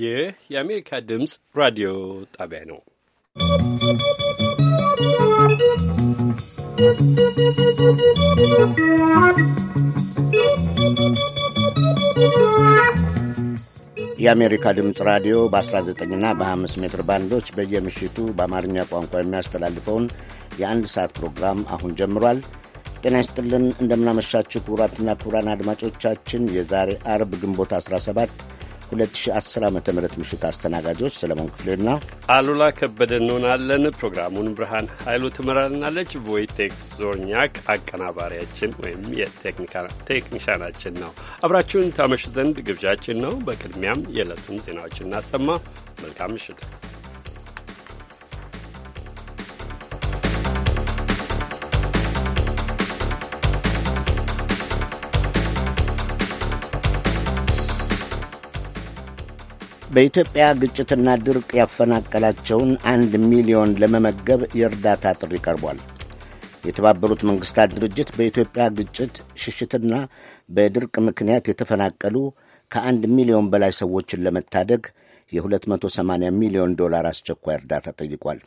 ይህ የአሜሪካ ድምፅ ራዲዮ ጣቢያ ነው። የአሜሪካ ድምፅ ራዲዮ በ19ና በ5 ሜትር ባንዶች በየምሽቱ በአማርኛ ቋንቋ የሚያስተላልፈውን የአንድ ሰዓት ፕሮግራም አሁን ጀምሯል። ጤና ይስጥልን እንደምናመሻችሁ ክቡራትና ክቡራን አድማጮቻችን የዛሬ አርብ ግንቦት 17 2010 ዓ ም ምሽት አስተናጋጆች ሰለሞን ክፍሌና አሉላ ከበደ እንሆናለን። ፕሮግራሙን ብርሃን ኃይሉ ትመራልናለች። ቮይቴክ ዞርኛክ አቀናባሪያችን ወይም የቴክኒሻናችን ነው። አብራችሁን ታመሹ ዘንድ ግብዣችን ነው። በቅድሚያም የዕለቱን ዜናዎች እናሰማ። መልካም ምሽት። በኢትዮጵያ ግጭትና ድርቅ ያፈናቀላቸውን አንድ ሚሊዮን ለመመገብ የእርዳታ ጥሪ ቀርቧል። የተባበሩት መንግሥታት ድርጅት በኢትዮጵያ ግጭት ሽሽትና በድርቅ ምክንያት የተፈናቀሉ ከአንድ ሚሊዮን በላይ ሰዎችን ለመታደግ የ280 ሚሊዮን ዶላር አስቸኳይ እርዳታ ጠይቋል።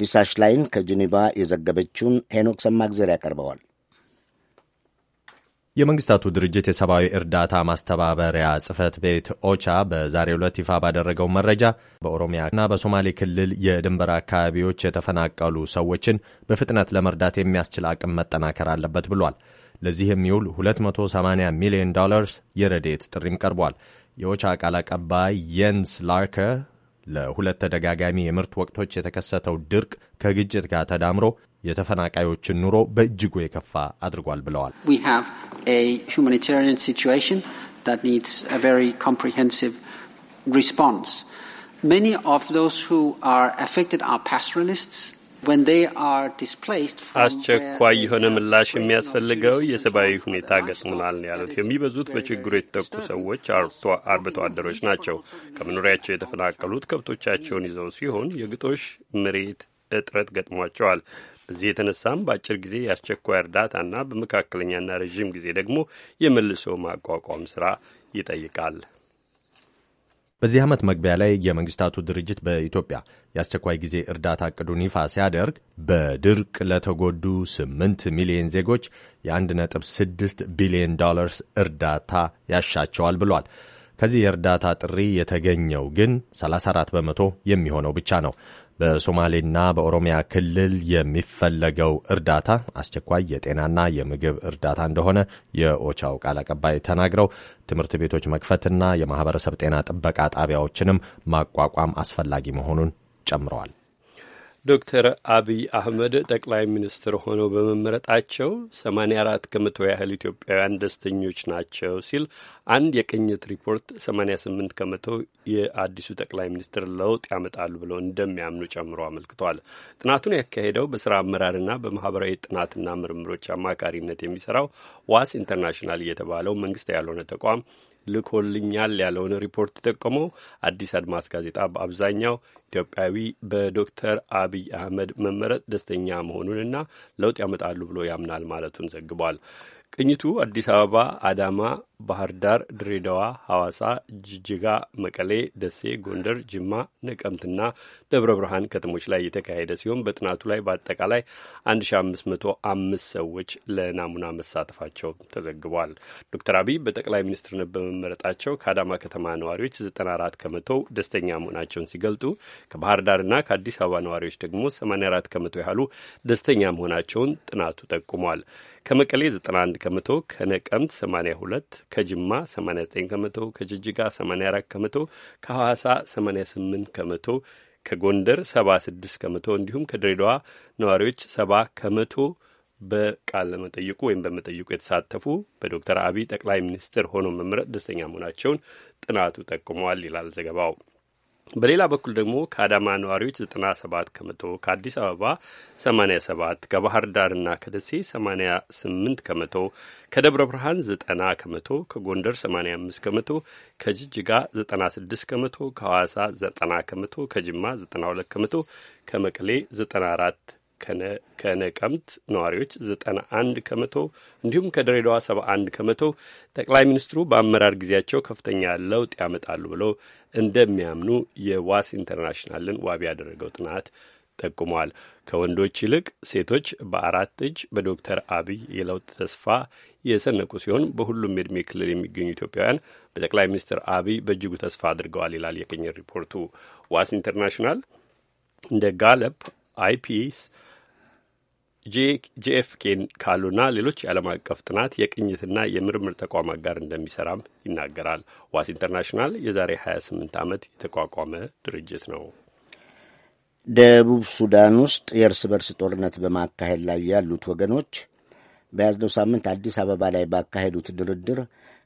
ሊሳሽ ላይን ከጄኔቫ የዘገበችውን ሄኖክ ሰማግዜር ያቀርበዋል። የመንግስታቱ ድርጅት የሰብአዊ እርዳታ ማስተባበሪያ ጽህፈት ቤት ኦቻ በዛሬው ዕለት ይፋ ባደረገው መረጃ በኦሮሚያና በሶማሌ ክልል የድንበር አካባቢዎች የተፈናቀሉ ሰዎችን በፍጥነት ለመርዳት የሚያስችል አቅም መጠናከር አለበት ብሏል። ለዚህ የሚውል 280 ሚሊዮን ዶላርስ የረዴት ጥሪም ቀርቧል። የኦቻ ቃል አቀባይ የንስ ላርከ ለሁለት ተደጋጋሚ የምርት ወቅቶች የተከሰተው ድርቅ ከግጭት ጋር ተዳምሮ የተፈናቃዮችን ኑሮ በእጅጉ የከፋ አድርጓል ብለዋል። a humanitarian situation that needs a very comprehensive response. Many of those who are affected are pastoralists. አስቸኳይ የሆነ ምላሽ የሚያስፈልገው የሰብአዊ ሁኔታ ገጥሞናል ያሉት የሚበዙት በችግሩ የተጠቁ ሰዎች አርብቶ አደሮች ናቸው። ከመኖሪያቸው የተፈናቀሉት ከብቶቻቸውን ይዘው ሲሆን የግጦሽ መሬት እጥረት ገጥሟቸዋል። በዚህ የተነሳም በአጭር ጊዜ የአስቸኳይ እርዳታና በመካከለኛና ረዥም ጊዜ ደግሞ የመልሶ ማቋቋም ስራ ይጠይቃል። በዚህ ዓመት መግቢያ ላይ የመንግስታቱ ድርጅት በኢትዮጵያ የአስቸኳይ ጊዜ እርዳታ እቅዱን ይፋ ሲያደርግ በድርቅ ለተጎዱ 8 ሚሊዮን ዜጎች የ1.6 ቢሊዮን ዶላርስ እርዳታ ያሻቸዋል ብሏል። ከዚህ የእርዳታ ጥሪ የተገኘው ግን 34 በመቶ የሚሆነው ብቻ ነው። በሶማሌና በኦሮሚያ ክልል የሚፈለገው እርዳታ አስቸኳይ የጤናና የምግብ እርዳታ እንደሆነ የኦቻው ቃል አቀባይ ተናግረው ትምህርት ቤቶች መክፈትና የማህበረሰብ ጤና ጥበቃ ጣቢያዎችንም ማቋቋም አስፈላጊ መሆኑን ጨምረዋል። ዶክተር አብይ አህመድ ጠቅላይ ሚኒስትር ሆነው በመመረጣቸው 84 ከመቶ ያህል ኢትዮጵያውያን ደስተኞች ናቸው ሲል አንድ የቅኝት ሪፖርት 88 ከመቶ የአዲሱ ጠቅላይ ሚኒስትር ለውጥ ያመጣሉ ብለው እንደሚያምኑ ጨምሮ አመልክቷል። ጥናቱን ያካሄደው በስራ አመራርና በማህበራዊ ጥናትና ምርምሮች አማካሪነት የሚሰራው ዋስ ኢንተርናሽናል የተባለው መንግስት ያልሆነ ተቋም ልኮልኛል ያለውን ሪፖርት የጠቆመው አዲስ አድማስ ጋዜጣ በአብዛኛው ኢትዮጵያዊ በዶክተር አብይ አህመድ መመረጥ ደስተኛ መሆኑንና ለውጥ ያመጣሉ ብሎ ያምናል ማለቱን ዘግቧል። ቅኝቱ አዲስ አበባ፣ አዳማ፣ ባህር ዳር፣ ድሬዳዋ፣ ሐዋሳ፣ ጅጅጋ፣ መቀሌ፣ ደሴ፣ ጎንደር፣ ጅማ፣ ነቀምትና ደብረ ብርሃን ከተሞች ላይ የተካሄደ ሲሆን በጥናቱ ላይ በአጠቃላይ 1505 ሰዎች ለናሙና መሳተፋቸው ተዘግቧል። ዶክተር አብይ በጠቅላይ ሚኒስትርነት በመመረጣቸው ከአዳማ ከተማ ነዋሪዎች 94 ከመቶ ደስተኛ መሆናቸውን ሲገልጡ ከባህር ዳርና ከአዲስ አበባ ነዋሪዎች ደግሞ 84 ከመቶ ያህሉ ደስተኛ መሆናቸውን ጥናቱ ጠቁሟል። ከመቀሌ 91 ከመቶ፣ ከነቀምት 82 ከጅማ 89 ከመቶ፣ ከጅጅጋ 84 ከመቶ፣ ከሐዋሳ 88 ከመቶ፣ ከጎንደር 76 ከመቶ እንዲሁም ከድሬዳዋ ነዋሪዎች 70 ከመቶ በቃለ መጠይቁ ወይም በመጠይቁ የተሳተፉ በዶክተር አብይ ጠቅላይ ሚኒስትር ሆኖ መምረጥ ደስተኛ መሆናቸውን ጥናቱ ጠቁሟል ይላል ዘገባው። በሌላ በኩል ደግሞ ከአዳማ ነዋሪዎች 97 ከመቶ ከአዲስ አበባ 87 ከባህር ዳርና ከደሴ 88 ከመቶ ከደብረ ብርሃን 90 ከመቶ ከጎንደር 85 ከመቶ ከጅጅጋ 96 ከመቶ ከሐዋሳ 90 ከመቶ ከጅማ 92 ከመቶ ከመቀሌ 94 ከነቀምት ነዋሪዎች 91 ከመቶ እንዲሁም ከድሬዳዋ 71 ከመቶ ጠቅላይ ሚኒስትሩ በአመራር ጊዜያቸው ከፍተኛ ለውጥ ያመጣሉ ብለው እንደሚያምኑ የዋስ ኢንተርናሽናልን ዋቢ ያደረገው ጥናት ጠቁሟል። ከወንዶች ይልቅ ሴቶች በአራት እጅ በዶክተር አብይ የለውጥ ተስፋ የሰነቁ ሲሆን በሁሉም የእድሜ ክልል የሚገኙ ኢትዮጵያውያን በጠቅላይ ሚኒስትር አብይ በእጅጉ ተስፋ አድርገዋል ይላል የቀኝ ሪፖርቱ። ዋስ ኢንተርናሽናል እንደ ጋለፕ አይፒስ ጂኤፍኬን ካሉና ሌሎች የዓለም አቀፍ ጥናት የቅኝትና የምርምር ተቋማት ጋር እንደሚሰራም ይናገራል። ዋስ ኢንተርናሽናል የዛሬ 28 ዓመት የተቋቋመ ድርጅት ነው። ደቡብ ሱዳን ውስጥ የእርስ በርስ ጦርነት በማካሄድ ላይ ያሉት ወገኖች በያዝነው ሳምንት አዲስ አበባ ላይ ባካሄዱት ድርድር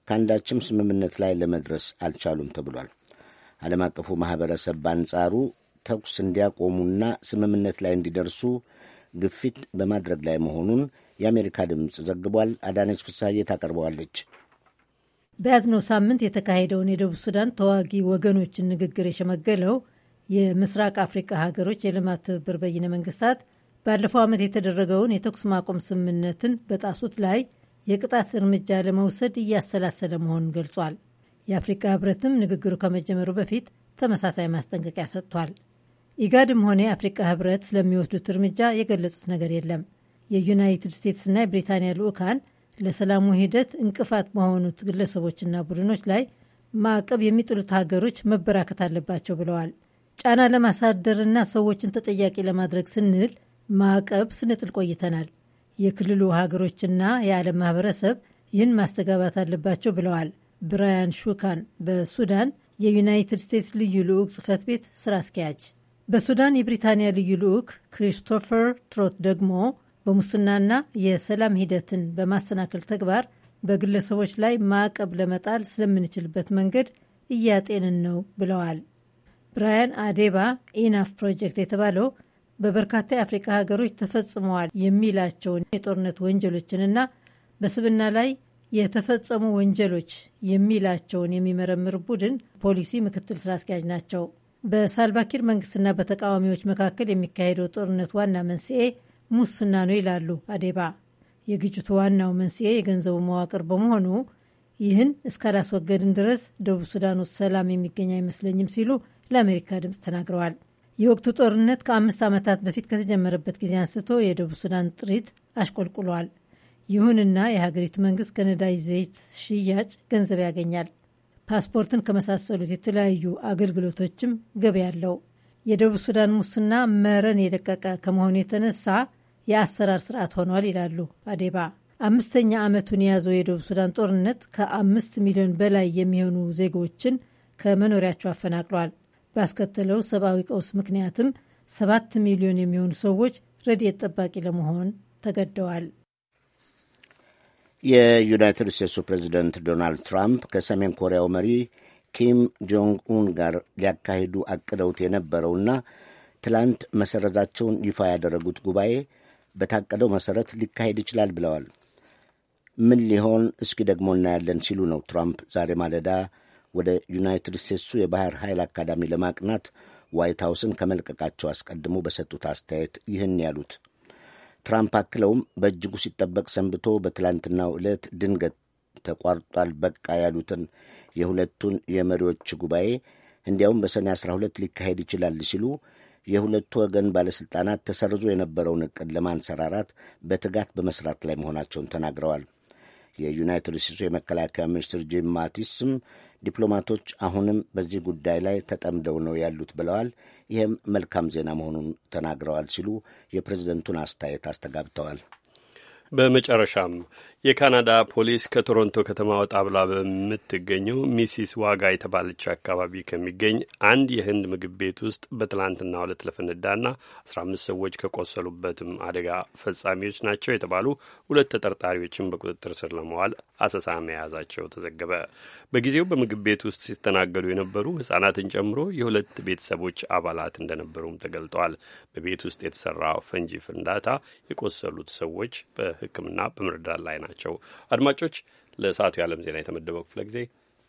ከአንዳችም ስምምነት ላይ ለመድረስ አልቻሉም ተብሏል። ዓለም አቀፉ ማኅበረሰብ በአንጻሩ ተኩስ እንዲያቆሙና ስምምነት ላይ እንዲደርሱ ግፊት በማድረግ ላይ መሆኑን የአሜሪካ ድምፅ ዘግቧል። አዳነች ፍሳዬ ታቀርበዋለች። በያዝነው ሳምንት የተካሄደውን የደቡብ ሱዳን ተዋጊ ወገኖችን ንግግር የሸመገለው የምስራቅ አፍሪካ ሀገሮች የልማት ትብብር በይነ መንግስታት ባለፈው ዓመት የተደረገውን የተኩስ ማቆም ስምምነትን በጣሱት ላይ የቅጣት እርምጃ ለመውሰድ እያሰላሰለ መሆኑን ገልጿል። የአፍሪካ ህብረትም ንግግሩ ከመጀመሩ በፊት ተመሳሳይ ማስጠንቀቂያ ሰጥቷል። ኢጋድም ሆነ የአፍሪቃ ህብረት ስለሚወስዱት እርምጃ የገለጹት ነገር የለም። የዩናይትድ ስቴትስና የብሪታንያ ልዑካን ለሰላሙ ሂደት እንቅፋት በሆኑት ግለሰቦችና ቡድኖች ላይ ማዕቀብ የሚጥሉት ሀገሮች መበራከት አለባቸው ብለዋል። ጫና ለማሳደርና ሰዎችን ተጠያቂ ለማድረግ ስንል ማዕቀብ ስንጥል ቆይተናል። የክልሉ ሀገሮችና የዓለም ማህበረሰብ ይህን ማስተጋባት አለባቸው ብለዋል። ብራያን ሹካን በሱዳን የዩናይትድ ስቴትስ ልዩ ልዑክ ጽህፈት ቤት ስራ አስኪያጅ በሱዳን የብሪታንያ ልዩ ልዑክ ክሪስቶፈር ትሮት ደግሞ በሙስናና የሰላም ሂደትን በማሰናከል ተግባር በግለሰቦች ላይ ማዕቀብ ለመጣል ስለምንችልበት መንገድ እያጤንን ነው ብለዋል። ብራያን አዴባ ኢናፍ ፕሮጀክት የተባለው በበርካታ የአፍሪካ ሀገሮች ተፈጽመዋል የሚላቸውን የጦርነት ወንጀሎችንና በስብና ላይ የተፈጸሙ ወንጀሎች የሚላቸውን የሚመረምር ቡድን ፖሊሲ ምክትል ስራ አስኪያጅ ናቸው። በሳልቫኪር መንግስትና በተቃዋሚዎች መካከል የሚካሄደው ጦርነት ዋና መንስኤ ሙስና ነው ይላሉ አዴባ። የግጭቱ ዋናው መንስኤ የገንዘቡ መዋቅር በመሆኑ ይህን እስካላስወገድን ድረስ ደቡብ ሱዳን ውስጥ ሰላም የሚገኝ አይመስለኝም ሲሉ ለአሜሪካ ድምፅ ተናግረዋል። የወቅቱ ጦርነት ከአምስት ዓመታት በፊት ከተጀመረበት ጊዜ አንስቶ የደቡብ ሱዳን ጥሪት አሽቆልቁሏል። ይሁንና የሀገሪቱ መንግስት ከነዳጅ ዘይት ሽያጭ ገንዘብ ያገኛል። ፓስፖርትን ከመሳሰሉት የተለያዩ አገልግሎቶችም ገቢ ያለው። የደቡብ ሱዳን ሙስና መረን የደቀቀ ከመሆኑ የተነሳ የአሰራር ስርዓት ሆኗል ይላሉ አዴባ። አምስተኛ ዓመቱን የያዘው የደቡብ ሱዳን ጦርነት ከአምስት ሚሊዮን በላይ የሚሆኑ ዜጎችን ከመኖሪያቸው አፈናቅሏል። ባስከተለው ሰብአዊ ቀውስ ምክንያትም ሰባት ሚሊዮን የሚሆኑ ሰዎች ረድኤት ጠባቂ ለመሆን ተገደዋል። የዩናይትድ ስቴትሱ ፕሬዚደንት ዶናልድ ትራምፕ ከሰሜን ኮሪያው መሪ ኪም ጆንግ ኡን ጋር ሊያካሂዱ አቅደውት የነበረውና ትላንት መሰረዛቸውን ይፋ ያደረጉት ጉባኤ በታቀደው መሰረት ሊካሄድ ይችላል ብለዋል። ምን ሊሆን እስኪ ደግሞ እናያለን ሲሉ ነው ትራምፕ ዛሬ ማለዳ ወደ ዩናይትድ ስቴትሱ የባህር ኃይል አካዳሚ ለማቅናት ዋይት ሀውስን ከመልቀቃቸው አስቀድሞ በሰጡት አስተያየት ይህን ያሉት ትራምፕ አክለውም በእጅጉ ሲጠበቅ ሰንብቶ በትላንትናው ዕለት ድንገት ተቋርጧል በቃ ያሉትን የሁለቱን የመሪዎች ጉባኤ እንዲያውም በሰኔ 12 ሊካሄድ ይችላል ሲሉ የሁለቱ ወገን ባለሥልጣናት ተሰርዞ የነበረውን ዕቅድ ለማንሰራራት በትጋት በመስራት ላይ መሆናቸውን ተናግረዋል። የዩናይትድ ስቴትሱ የመከላከያ ሚኒስትር ጂም ማቲስም ዲፕሎማቶች አሁንም በዚህ ጉዳይ ላይ ተጠምደው ነው ያሉት ብለዋል። ይህም መልካም ዜና መሆኑን ተናግረዋል ሲሉ የፕሬዝደንቱን አስተያየት አስተጋብተዋል። በመጨረሻም የካናዳ ፖሊስ ከቶሮንቶ ከተማ ወጣ ብላ በምትገኘው ሚሲስ ዋጋ የተባለች አካባቢ ከሚገኝ አንድ የህንድ ምግብ ቤት ውስጥ በትላንትናው ዕለት ለፈነዳና አስራ አምስት ሰዎች ከቆሰሉበትም አደጋ ፈጻሚዎች ናቸው የተባሉ ሁለት ተጠርጣሪዎችን በቁጥጥር ስር ለመዋል አሰሳ መያዛቸው ተዘገበ። በጊዜው በምግብ ቤት ውስጥ ሲስተናገዱ የነበሩ ህጻናትን ጨምሮ የሁለት ቤተሰቦች አባላት እንደነበሩም ተገልጠዋል። በቤት ውስጥ የተሰራ ፈንጂ ፍንዳታ የቆሰሉት ሰዎች በሕክምና በምርዳት ላይ ናቸው። ናቸው። አድማጮች፣ ለሰዓቱ የዓለም ዜና የተመደበው ክፍለ ጊዜ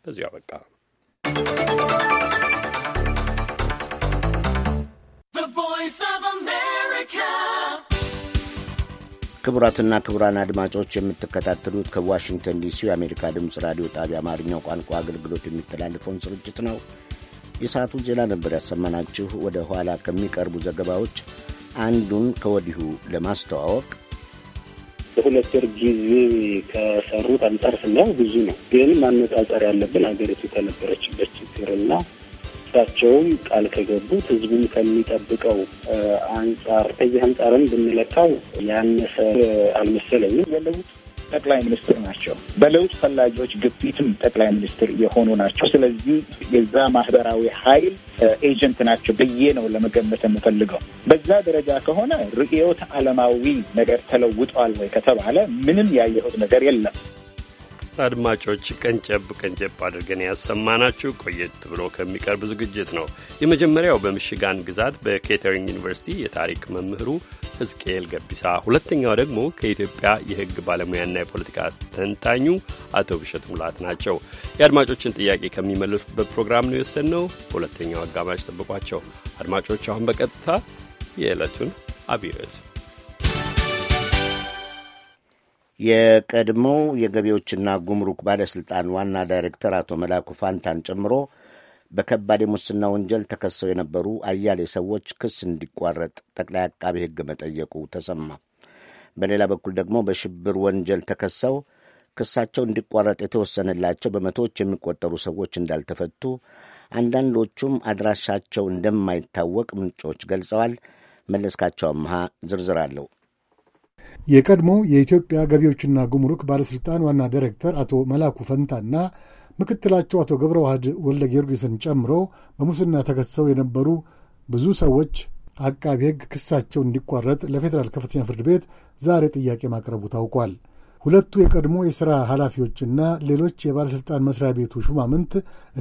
በዚሁ አበቃ። ክቡራትና ክቡራን አድማጮች የምትከታተሉት ከዋሽንግተን ዲሲ የአሜሪካ ድምፅ ራዲዮ ጣቢያ አማርኛው ቋንቋ አገልግሎት የሚተላለፈውን ስርጭት ነው። የሰዓቱ ዜና ነበር ያሰማናችሁ። ወደ ኋላ ከሚቀርቡ ዘገባዎች አንዱን ከወዲሁ ለማስተዋወቅ በሁለት ወር ጊዜ ከሰሩት አንጻር ስናየው ብዙ ነው። ግን ማነጻጸር ያለብን ሀገሪቱ ከነበረችበት ችግርና እሳቸውም ቃል ከገቡት ህዝቡም ከሚጠብቀው አንጻር ከዚህ አንጻርም ብንለካው ያነሰ አልመሰለኝም። ጠቅላይ ሚኒስትር ናቸው። በለውጥ ፈላጊዎች ግፊትም ጠቅላይ ሚኒስትር የሆኑ ናቸው። ስለዚህ የዛ ማህበራዊ ኃይል ኤጀንት ናቸው ብዬ ነው ለመገመት የምፈልገው። በዛ ደረጃ ከሆነ ርዕዮተ ዓለማዊ ነገር ተለውጧል ወይ ከተባለ ምንም ያየሁት ነገር የለም። አድማጮች ቀንጨብ ቀንጨብ አድርገን ያሰማናችሁ ቆየት ብሎ ከሚቀርብ ዝግጅት ነው። የመጀመሪያው በምሽጋን ግዛት በኬተሪንግ ዩኒቨርሲቲ የታሪክ መምህሩ ህዝቅኤል ገቢሳ፣ ሁለተኛው ደግሞ ከኢትዮጵያ የህግ ባለሙያና የፖለቲካ ተንታኙ አቶ ብሸት ሙላት ናቸው። የአድማጮችን ጥያቄ ከሚመልሱበት ፕሮግራም ነው የወሰንነው። ሁለተኛው አጋማሽ ጠብቋቸው አድማጮች። አሁን በቀጥታ የዕለቱን አብይ ርዕስ የቀድሞው የገቢዎችና ጉምሩክ ባለሥልጣን ዋና ዳይሬክተር አቶ መላኩ ፋንታን ጨምሮ በከባድ የሙስና ወንጀል ተከሰው የነበሩ አያሌ ሰዎች ክስ እንዲቋረጥ ጠቅላይ አቃቢ ሕግ መጠየቁ ተሰማ። በሌላ በኩል ደግሞ በሽብር ወንጀል ተከሰው ክሳቸው እንዲቋረጥ የተወሰነላቸው በመቶዎች የሚቆጠሩ ሰዎች እንዳልተፈቱ፣ አንዳንዶቹም አድራሻቸው እንደማይታወቅ ምንጮች ገልጸዋል። መለስካቸው አምሃ ዝርዝር አለው። የቀድሞ የኢትዮጵያ ገቢዎችና ጉምሩክ ባለሥልጣን ዋና ዳይሬክተር አቶ መላኩ ፈንታና ምክትላቸው አቶ ገብረ ዋህድ ወልደ ጊዮርጊስን ጨምሮ በሙስና ተከሰው የነበሩ ብዙ ሰዎች አቃቢ ሕግ ክሳቸው እንዲቋረጥ ለፌዴራል ከፍተኛ ፍርድ ቤት ዛሬ ጥያቄ ማቅረቡ ታውቋል። ሁለቱ የቀድሞ የሥራ ኃላፊዎችና ሌሎች የባለሥልጣን መሥሪያ ቤቱ ሹማምንት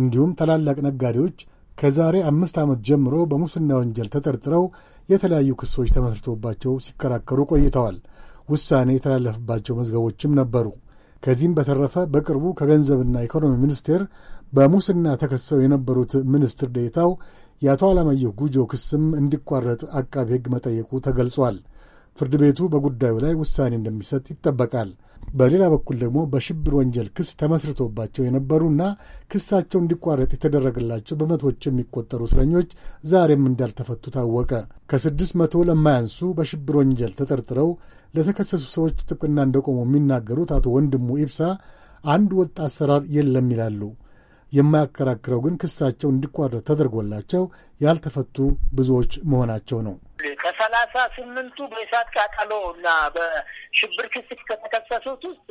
እንዲሁም ታላላቅ ነጋዴዎች ከዛሬ አምስት ዓመት ጀምሮ በሙስና ወንጀል ተጠርጥረው የተለያዩ ክሶች ተመስርቶባቸው ሲከራከሩ ቆይተዋል። ውሳኔ የተላለፈባቸው መዝገቦችም ነበሩ። ከዚህም በተረፈ በቅርቡ ከገንዘብና ኢኮኖሚ ሚኒስቴር በሙስና ተከሰው የነበሩት ሚኒስትር ዴታው የአቶ አለማየሁ ጉጆ ክስም እንዲቋረጥ አቃቢ ሕግ መጠየቁ ተገልጿል። ፍርድ ቤቱ በጉዳዩ ላይ ውሳኔ እንደሚሰጥ ይጠበቃል። በሌላ በኩል ደግሞ በሽብር ወንጀል ክስ ተመስርቶባቸው የነበሩና ክሳቸው እንዲቋረጥ የተደረገላቸው በመቶዎች የሚቆጠሩ እስረኞች ዛሬም እንዳልተፈቱ ታወቀ። ከስድስት መቶ ለማያንሱ በሽብር ወንጀል ተጠርጥረው ለተከሰሱ ሰዎች ጥብቅና እንደቆሙ የሚናገሩት አቶ ወንድሙ ኢብሳ አንድ ወጥ አሰራር የለም ይላሉ። የማያከራክረው ግን ክሳቸው እንዲቋረጥ ተደርጎላቸው ያልተፈቱ ብዙዎች መሆናቸው ነው። ከሰላሳ ስምንቱ በእሳት ቃጠሎ እና በሽብር ክስ ከተከሰሱት ውስጥ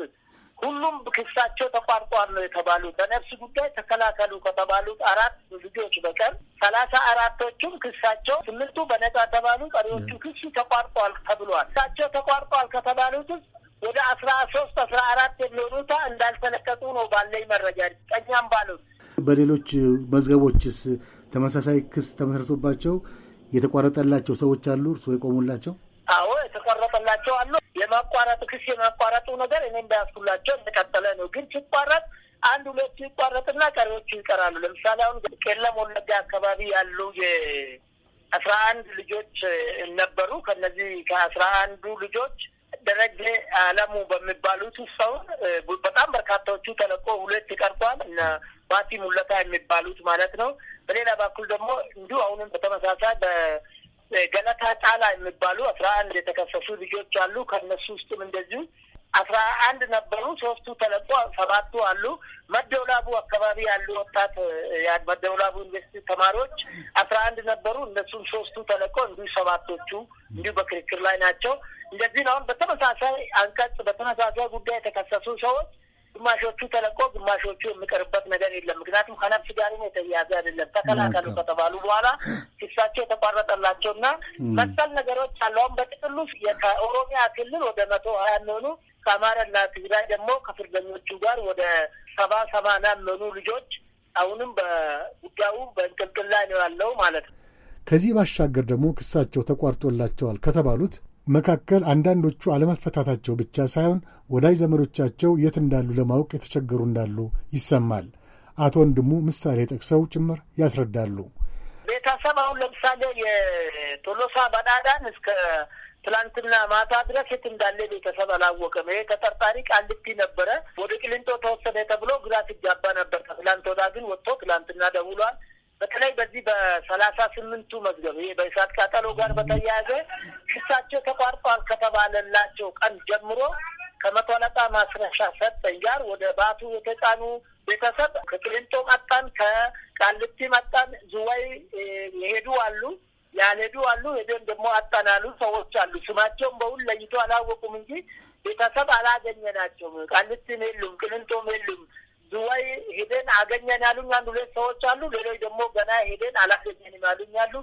ሁሉም ክሳቸው ተቋርጧል ነው የተባሉ በነፍስ ጉዳይ ተከላከሉ ከተባሉት አራት ልጆች በቀር ሰላሳ አራቶቹም ክሳቸው ስምንቱ በነጻ ተባሉ። ቀሪዎቹ ክሱ ተቋርጧል ተብሏል። ክሳቸው ተቋርጧል ከተባሉት ውስጥ ወደ አስራ ሶስት አስራ አራት የሚሆኑት እንዳልተለቀጡ ነው ባለኝ መረጃ ቀኛም ባሉት በሌሎች መዝገቦችስ ተመሳሳይ ክስ ተመሰርቶባቸው የተቋረጠላቸው ሰዎች አሉ። እርስዎ የቆሙላቸው? አዎ የተቋረጠላቸው አሉ። የማቋረጡ ክስ የማቋረጡ ነገር እኔ እንዳያስኩላቸው እንደቀጠለ ነው። ግን ሲቋረጥ አንድ ሁለቱ ይቋረጥና ቀሪዎቹ ይቀራሉ። ለምሳሌ አሁን ቄለም ወለጋ አካባቢ ያሉ የአስራ አንድ ልጆች ነበሩ። ከነዚህ ከአስራ አንዱ ልጆች ደረጀ አለሙ በሚባሉት ሰውን በጣም በርካታዎቹ ተለቆ ሁለት ቀርቷል። ባቲ ሙለታ የሚባሉት ማለት ነው። በሌላ በኩል ደግሞ እንዲሁ አሁንም በተመሳሳይ ገለታ ጫላ የሚባሉ አስራ አንድ የተከሰሱ ልጆች አሉ። ከነሱ ውስጥም እንደዚሁ አስራ አንድ ነበሩ። ሶስቱ ተለቆ ሰባቱ አሉ። መደውላቡ አካባቢ ያሉ ወጣት መደውላቡ ዩኒቨርሲቲ ተማሪዎች አስራ አንድ ነበሩ። እነሱም ሶስቱ ተለቆ እንዲሁ ሰባቶቹ እንዲሁ በክርክር ላይ ናቸው። እንደዚህ አሁን በተመሳሳይ አንቀጽ በተመሳሳይ ጉዳይ የተከሰሱ ሰዎች ግማሾቹ ተለቆ ግማሾቹ የሚቀርበት ነገር የለም። ምክንያቱም ከነፍስ ጋር የተያያዘ አይደለም። ተከላከሉ ከተባሉ በኋላ ክሳቸው የተቋረጠላቸው እና መሰል ነገሮች አለውም። በጥቅሉ ከኦሮሚያ ክልል ወደ መቶ ሀያ የሚሆኑ ከአማራና ትግራይ ደግሞ ከፍርደኞቹ ጋር ወደ ሰባ ሰማንያ የሚሆኑ ልጆች አሁንም በጉዳዩ በእንቅልቅል ላይ ነው ያለው ማለት ነው። ከዚህ ባሻገር ደግሞ ክሳቸው ተቋርጦላቸዋል ከተባሉት መካከል አንዳንዶቹ አለመፈታታቸው ብቻ ሳይሆን ወዳጅ ዘመዶቻቸው የት እንዳሉ ለማወቅ የተቸገሩ እንዳሉ ይሰማል። አቶ ወንድሙ ምሳሌ ጠቅሰው ጭምር ያስረዳሉ። ቤተሰብ አሁን ለምሳሌ የቶሎሳ በዳዳን እስከ ትላንትና ማታ ድረስ የት እንዳለ ቤተሰብ አላወቀም። ይሄ ተጠርጣሪ ቃሊቲ ነበረ፣ ወደ ቂሊንጦ ተወሰደ ተብሎ ግራ ሲጋባ ነበር። ከትላንት ወዳ ግን ወጥቶ ትላንትና ደውሏል። በተለይ በዚህ በሰላሳ ስምንቱ መዝገብ ይሄ በእሳት ቃጠሎ ጋር በተያያዘ ክሳቸው ተቋርጧል ከተባለላቸው ቀን ጀምሮ ከመቶ ነጻ ማስረሻ ሰጠኝ ጋር ወደ ባቱ የተጫኑ ቤተሰብ ከቅሊንጦ መጣን፣ ከቃልቲ መጣን፣ ዝዋይ የሄዱ አሉ፣ ያልሄዱ አሉ፣ ሄደን ደግሞ አጣን አሉ ሰዎች አሉ። ስማቸውን በሁሉ ለይቶ አላወቁም እንጂ ቤተሰብ አላገኘናቸውም። ቃሊቲም የሉም፣ ቅሊንጦም የሉም። ዝዋይ ሄደን አገኘን ያሉኝ አንድ ሁለት ሰዎች አሉ። ሌሎች ደግሞ ገና ሄደን አላገኘንም ያሉኝ አሉ።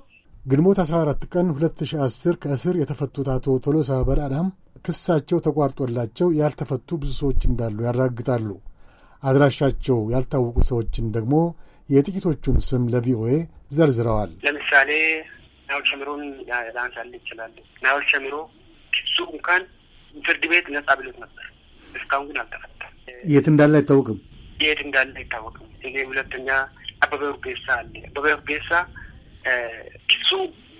ግንቦት 14 ቀን 2010 ከእስር የተፈቱት አቶ ቶሎሳ በዳዳም ክሳቸው ተቋርጦላቸው ያልተፈቱ ብዙ ሰዎች እንዳሉ ያረጋግጣሉ። አድራሻቸው ያልታወቁ ሰዎችን ደግሞ የጥቂቶቹን ስም ለቪኦኤ ዘርዝረዋል። ለምሳሌ ናውል ሸሚሮን ላንሳል ይችላል። ናውል ሸሚሮ እሱ እንኳን ፍርድ ቤት ነጻ ብሎት ነበር። እስካሁን ግን አልተፈታም። የት እንዳለ አይታወቅም። የት እንዳለ አይታወቅም። እኔ ሁለተኛ አበበ ሩጌሳ አለ። አበበ ሩጌሳ እሱ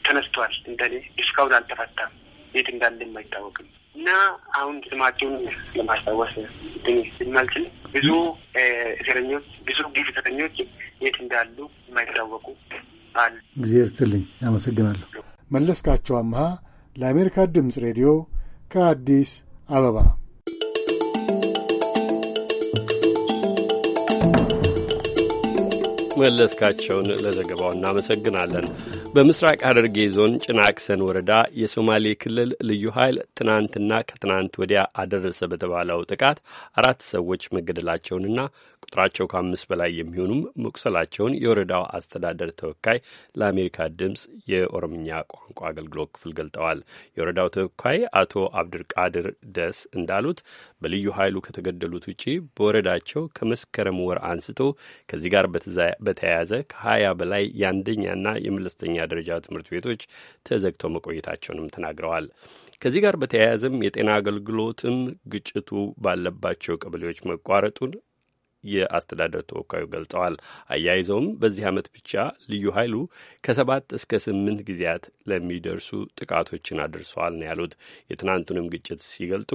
ተነስቷል። እንደኔ እስካሁን አልተፈታም። የት እንዳለ አይታወቅም። እና አሁን ስማቸውን ለማስታወስ ስናልችል ብዙ እስረኞች ብዙ ግፍ እስረኞች የት እንዳሉ የማይታወቁ አሉ። እግዜር ይስጥልኝ። አመሰግናለሁ። መለስካቸው አምሃ ለአሜሪካ ድምፅ ሬዲዮ ከአዲስ አበባ መለስካቸውን ለዘገባው እናመሰግናለን። በምስራቅ ሐረርጌ ዞን ጭናክሰን ወረዳ የሶማሌ ክልል ልዩ ኃይል ትናንትና ከትናንት ወዲያ አደረሰ በተባለው ጥቃት አራት ሰዎች መገደላቸውንና ቁጥራቸው ከአምስት በላይ የሚሆኑም መቁሰላቸውን የወረዳው አስተዳደር ተወካይ ለአሜሪካ ድምፅ የኦሮምኛ ቋንቋ አገልግሎት ክፍል ገልጠዋል። የወረዳው ተወካይ አቶ አብድርቃድር ደስ እንዳሉት በልዩ ኃይሉ ከተገደሉት ውጪ በወረዳቸው ከመስከረም ወር አንስቶ ከዚህ ጋር በተያያዘ ከሀያ በላይ የአንደኛና የመለስተኛ ደረጃ ትምህርት ቤቶች ተዘግተው መቆየታቸውንም ተናግረዋል። ከዚህ ጋር በተያያዘም የጤና አገልግሎትም ግጭቱ ባለባቸው ቀበሌዎች መቋረጡን የአስተዳደር ተወካዩ ገልጸዋል። አያይዘውም በዚህ ዓመት ብቻ ልዩ ኃይሉ ከሰባት እስከ ስምንት ጊዜያት ለሚደርሱ ጥቃቶችን አድርሰዋል ነው ያሉት። የትናንቱንም ግጭት ሲገልጡ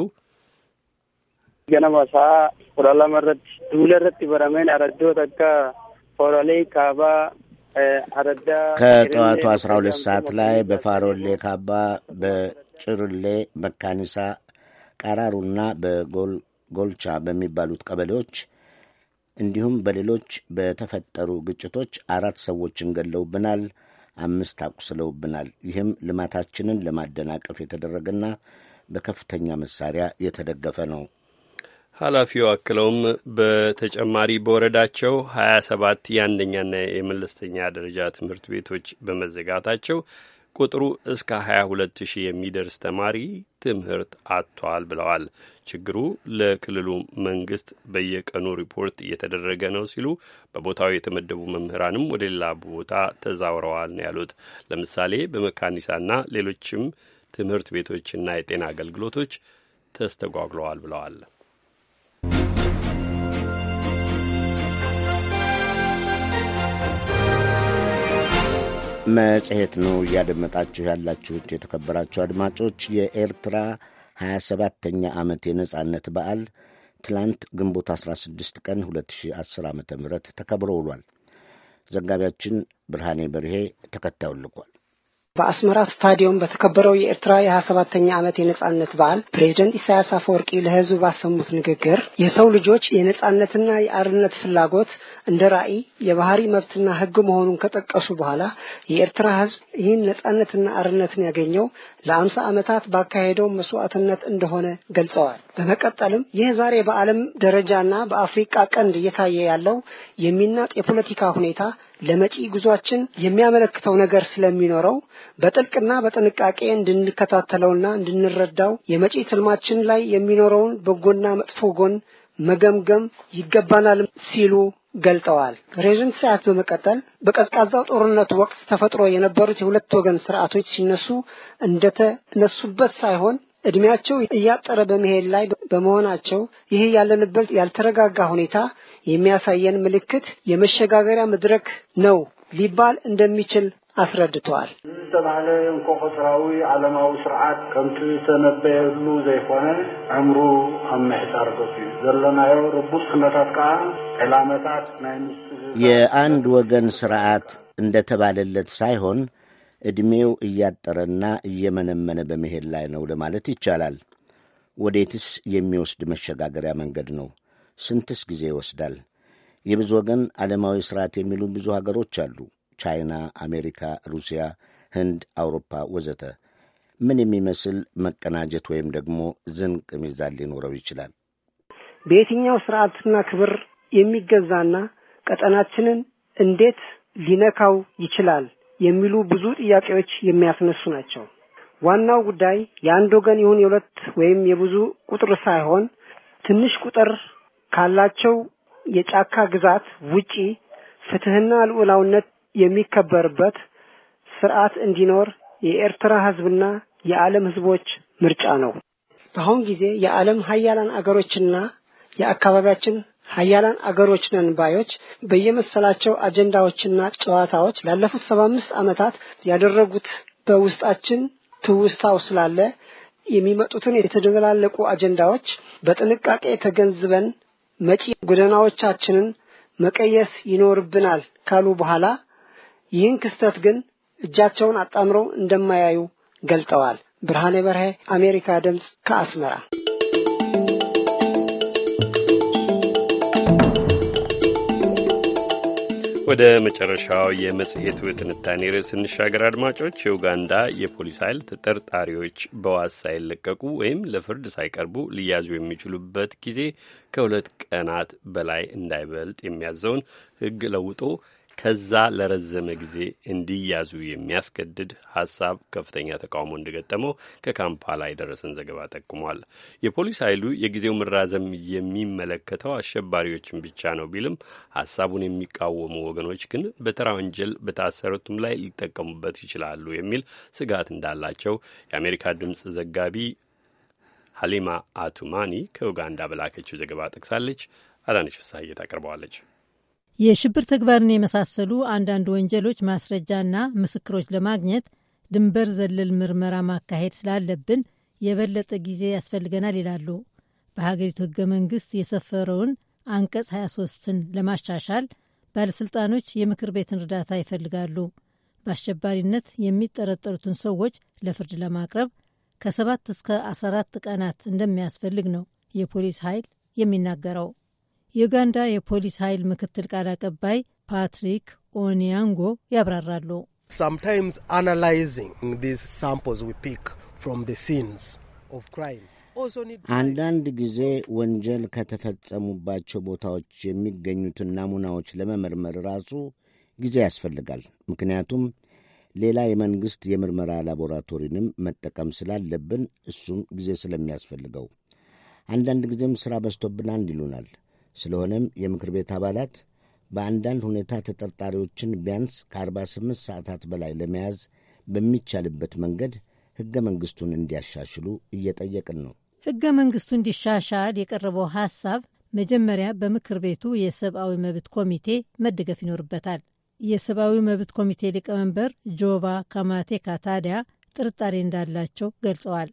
ገነመሳ ኦላላመረት ዱለረት በረሜን አረዶ ተካ ፎሮሌ ካባ አረዳ ከጠዋቱ አስራ ሁለት ሰዓት ላይ በፋሮሌ ካባ፣ በጭርሌ መካኒሳ፣ ቀራሩና በጎልቻ በሚባሉት ቀበሌዎች እንዲሁም በሌሎች በተፈጠሩ ግጭቶች አራት ሰዎችን ገለውብናል፣ አምስት አቁስለውብናል። ይህም ልማታችንን ለማደናቀፍ የተደረገና በከፍተኛ መሳሪያ የተደገፈ ነው። ኃላፊው አክለውም በተጨማሪ በወረዳቸው ሀያ ሰባት የአንደኛና የመለስተኛ ደረጃ ትምህርት ቤቶች በመዘጋታቸው ቁጥሩ እስከ 22 ሺህ የሚደርስ ተማሪ ትምህርት አጥቷል ብለዋል። ችግሩ ለክልሉ መንግስት በየቀኑ ሪፖርት እየተደረገ ነው ሲሉ በቦታው የተመደቡ መምህራንም ወደ ሌላ ቦታ ተዛውረዋል ነው ያሉት። ለምሳሌ በመካኒሳና ሌሎችም ትምህርት ቤቶችና የጤና አገልግሎቶች ተስተጓጉለዋል ብለዋል። መጽሔት ነው እያደመጣችሁ ያላችሁት። የተከበራችሁ አድማጮች የኤርትራ 27 ተኛ ዓመት የነጻነት በዓል ትላንት ግንቦት 16 ቀን 2010 ዓ ም ተከብሮ ውሏል። ዘጋቢያችን ብርሃኔ በርሄ ተከታዩን ልኳል። በአስመራ ስታዲየም በተከበረው የኤርትራ የ 27 ዓመት የነጻነት በዓል ፕሬዝደንት ኢሳያስ አፈወርቂ ለህዝብ ባሰሙት ንግግር የሰው ልጆች የነጻነትና የአርነት ፍላጎት እንደ ራዕይ የባህሪ መብትና ህግ መሆኑን ከጠቀሱ በኋላ የኤርትራ ህዝብ ይህን ነጻነትና አርነትን ያገኘው ለአምሳ ዓመታት ባካሄደው መስዋዕትነት እንደሆነ ገልጸዋል። በመቀጠልም ይህ ዛሬ በዓለም ደረጃና በአፍሪቃ ቀንድ እየታየ ያለው የሚናጥ የፖለቲካ ሁኔታ ለመጪ ጉዟችን የሚያመለክተው ነገር ስለሚኖረው በጥልቅና በጥንቃቄ እንድንከታተለውና እንድንረዳው የመጪ ትልማችን ላይ የሚኖረውን በጎና መጥፎ ጎን መገምገም ይገባናል ሲሉ ገልጠዋል። ሬዥን ሰዓት በመቀጠል በቀዝቃዛው ጦርነት ወቅት ተፈጥሮ የነበሩት የሁለት ወገን ስርዓቶች ሲነሱ እንደተነሱበት ሳይሆን እድሜያቸው እያጠረ በመሄድ ላይ በመሆናቸው ይህ ያለንበት ያልተረጋጋ ሁኔታ የሚያሳየን ምልክት የመሸጋገሪያ መድረክ ነው ሊባል እንደሚችል አስረድተዋል። ዝተባህለ እንኮ ስራዊ ዓለማዊ ስርዓት ከምቲ ዝተነበየሉ ዘይኮነ ዕምሩ ኣብ ምሕፃር ገፅ እዩ ዘለናዮ ርቡስ ክነታት ከዓ ዕላመታት ናይ የአንድ ወገን ስርዓት እንደተባለለት ሳይሆን ዕድሜው እያጠረና እየመነመነ በመሄድ ላይ ነው ለማለት ይቻላል። ወዴትስ የሚወስድ መሸጋገሪያ መንገድ ነው? ስንትስ ጊዜ ይወስዳል? የብዙ ወገን ዓለማዊ ሥርዓት የሚሉ ብዙ ሀገሮች አሉ። ቻይና፣ አሜሪካ፣ ሩሲያ፣ ህንድ፣ አውሮፓ ወዘተ። ምን የሚመስል መቀናጀት ወይም ደግሞ ዝንቅ ሚዛን ሊኖረው ይችላል? በየትኛው ስርዓትና ክብር የሚገዛና ቀጠናችንን እንዴት ሊነካው ይችላል የሚሉ ብዙ ጥያቄዎች የሚያስነሱ ናቸው። ዋናው ጉዳይ የአንድ ወገን ይሁን የሁለት ወይም የብዙ ቁጥር ሳይሆን ትንሽ ቁጥር ካላቸው የጫካ ግዛት ውጪ ፍትህና ልዑላውነት የሚከበርበት ስርዓት እንዲኖር የኤርትራ ህዝብና የዓለም ህዝቦች ምርጫ ነው። በአሁን ጊዜ የዓለም ሀያላን አገሮችና የአካባቢያችን ሀያላን አገሮች ነን ባዮች በየመሰላቸው አጀንዳዎችና ጨዋታዎች ላለፉት ሰባ አምስት ዓመታት ያደረጉት በውስጣችን ትውስታው ስላለ የሚመጡትን የተደበላለቁ አጀንዳዎች በጥንቃቄ ተገንዝበን መጪ ጎደናዎቻችንን መቀየስ ይኖርብናል ካሉ በኋላ ይህን ክስተት ግን እጃቸውን አጣምረው እንደማያዩ ገልጠዋል። ብርሃኔ በርሄ፣ አሜሪካ ድምፅ ከአስመራ ወደ መጨረሻው የመጽሔቱ ትንታኔ ርዕስ እንሻገር። አድማጮች የኡጋንዳ የፖሊስ ኃይል ተጠርጣሪዎች በዋስ ሳይለቀቁ ወይም ለፍርድ ሳይቀርቡ ሊያዙ የሚችሉበት ጊዜ ከሁለት ቀናት በላይ እንዳይበልጥ የሚያዘውን ሕግ ለውጦ ከዛ ለረዘመ ጊዜ እንዲያዙ የሚያስገድድ ሀሳብ ከፍተኛ ተቃውሞ እንደገጠመው ከካምፓላ የደረሰን ዘገባ ጠቁሟል። የፖሊስ ኃይሉ የጊዜው መራዘም የሚመለከተው አሸባሪዎችን ብቻ ነው ቢልም ሀሳቡን የሚቃወሙ ወገኖች ግን በተራ ወንጀል በታሰሩትም ላይ ሊጠቀሙበት ይችላሉ የሚል ስጋት እንዳላቸው የአሜሪካ ድምፅ ዘጋቢ ሀሊማ አቱማኒ ከኡጋንዳ በላከችው ዘገባ ጠቅሳለች። አዳነች ፍስሐዬ ታቀርበዋለች። የሽብር ተግባርን የመሳሰሉ አንዳንድ ወንጀሎች ማስረጃና ምስክሮች ለማግኘት ድንበር ዘለል ምርመራ ማካሄድ ስላለብን የበለጠ ጊዜ ያስፈልገናል ይላሉ። በሀገሪቱ ህገ መንግስት የሰፈረውን አንቀጽ 23ን ለማሻሻል ባለሥልጣኖች የምክር ቤትን እርዳታ ይፈልጋሉ። በአሸባሪነት የሚጠረጠሩትን ሰዎች ለፍርድ ለማቅረብ ከ7 እስከ 14 ቀናት እንደሚያስፈልግ ነው የፖሊስ ኃይል የሚናገረው። የዩጋንዳ የፖሊስ ኃይል ምክትል ቃል አቀባይ ፓትሪክ ኦኒያንጎ ያብራራሉ። sometimes አንዳንድ ጊዜ ወንጀል ከተፈጸሙባቸው ቦታዎች የሚገኙትን ናሙናዎች ለመመርመር ራሱ ጊዜ ያስፈልጋል። ምክንያቱም ሌላ የመንግሥት የምርመራ ላቦራቶሪንም መጠቀም ስላለብን እሱም ጊዜ ስለሚያስፈልገው አንዳንድ ጊዜም ሥራ በዝቶብናል ይሉናል። ስለሆነም የምክር ቤት አባላት በአንዳንድ ሁኔታ ተጠርጣሪዎችን ቢያንስ ከ48 ሰዓታት በላይ ለመያዝ በሚቻልበት መንገድ ሕገ መንግሥቱን እንዲያሻሽሉ እየጠየቅን ነው። ሕገ መንግሥቱ እንዲሻሻል የቀረበው ሐሳብ መጀመሪያ በምክር ቤቱ የሰብአዊ መብት ኮሚቴ መደገፍ ይኖርበታል። የሰብአዊ መብት ኮሚቴ ሊቀመንበር ጆቫ ካማቴካ ታዲያ ጥርጣሬ እንዳላቸው ገልጸዋል።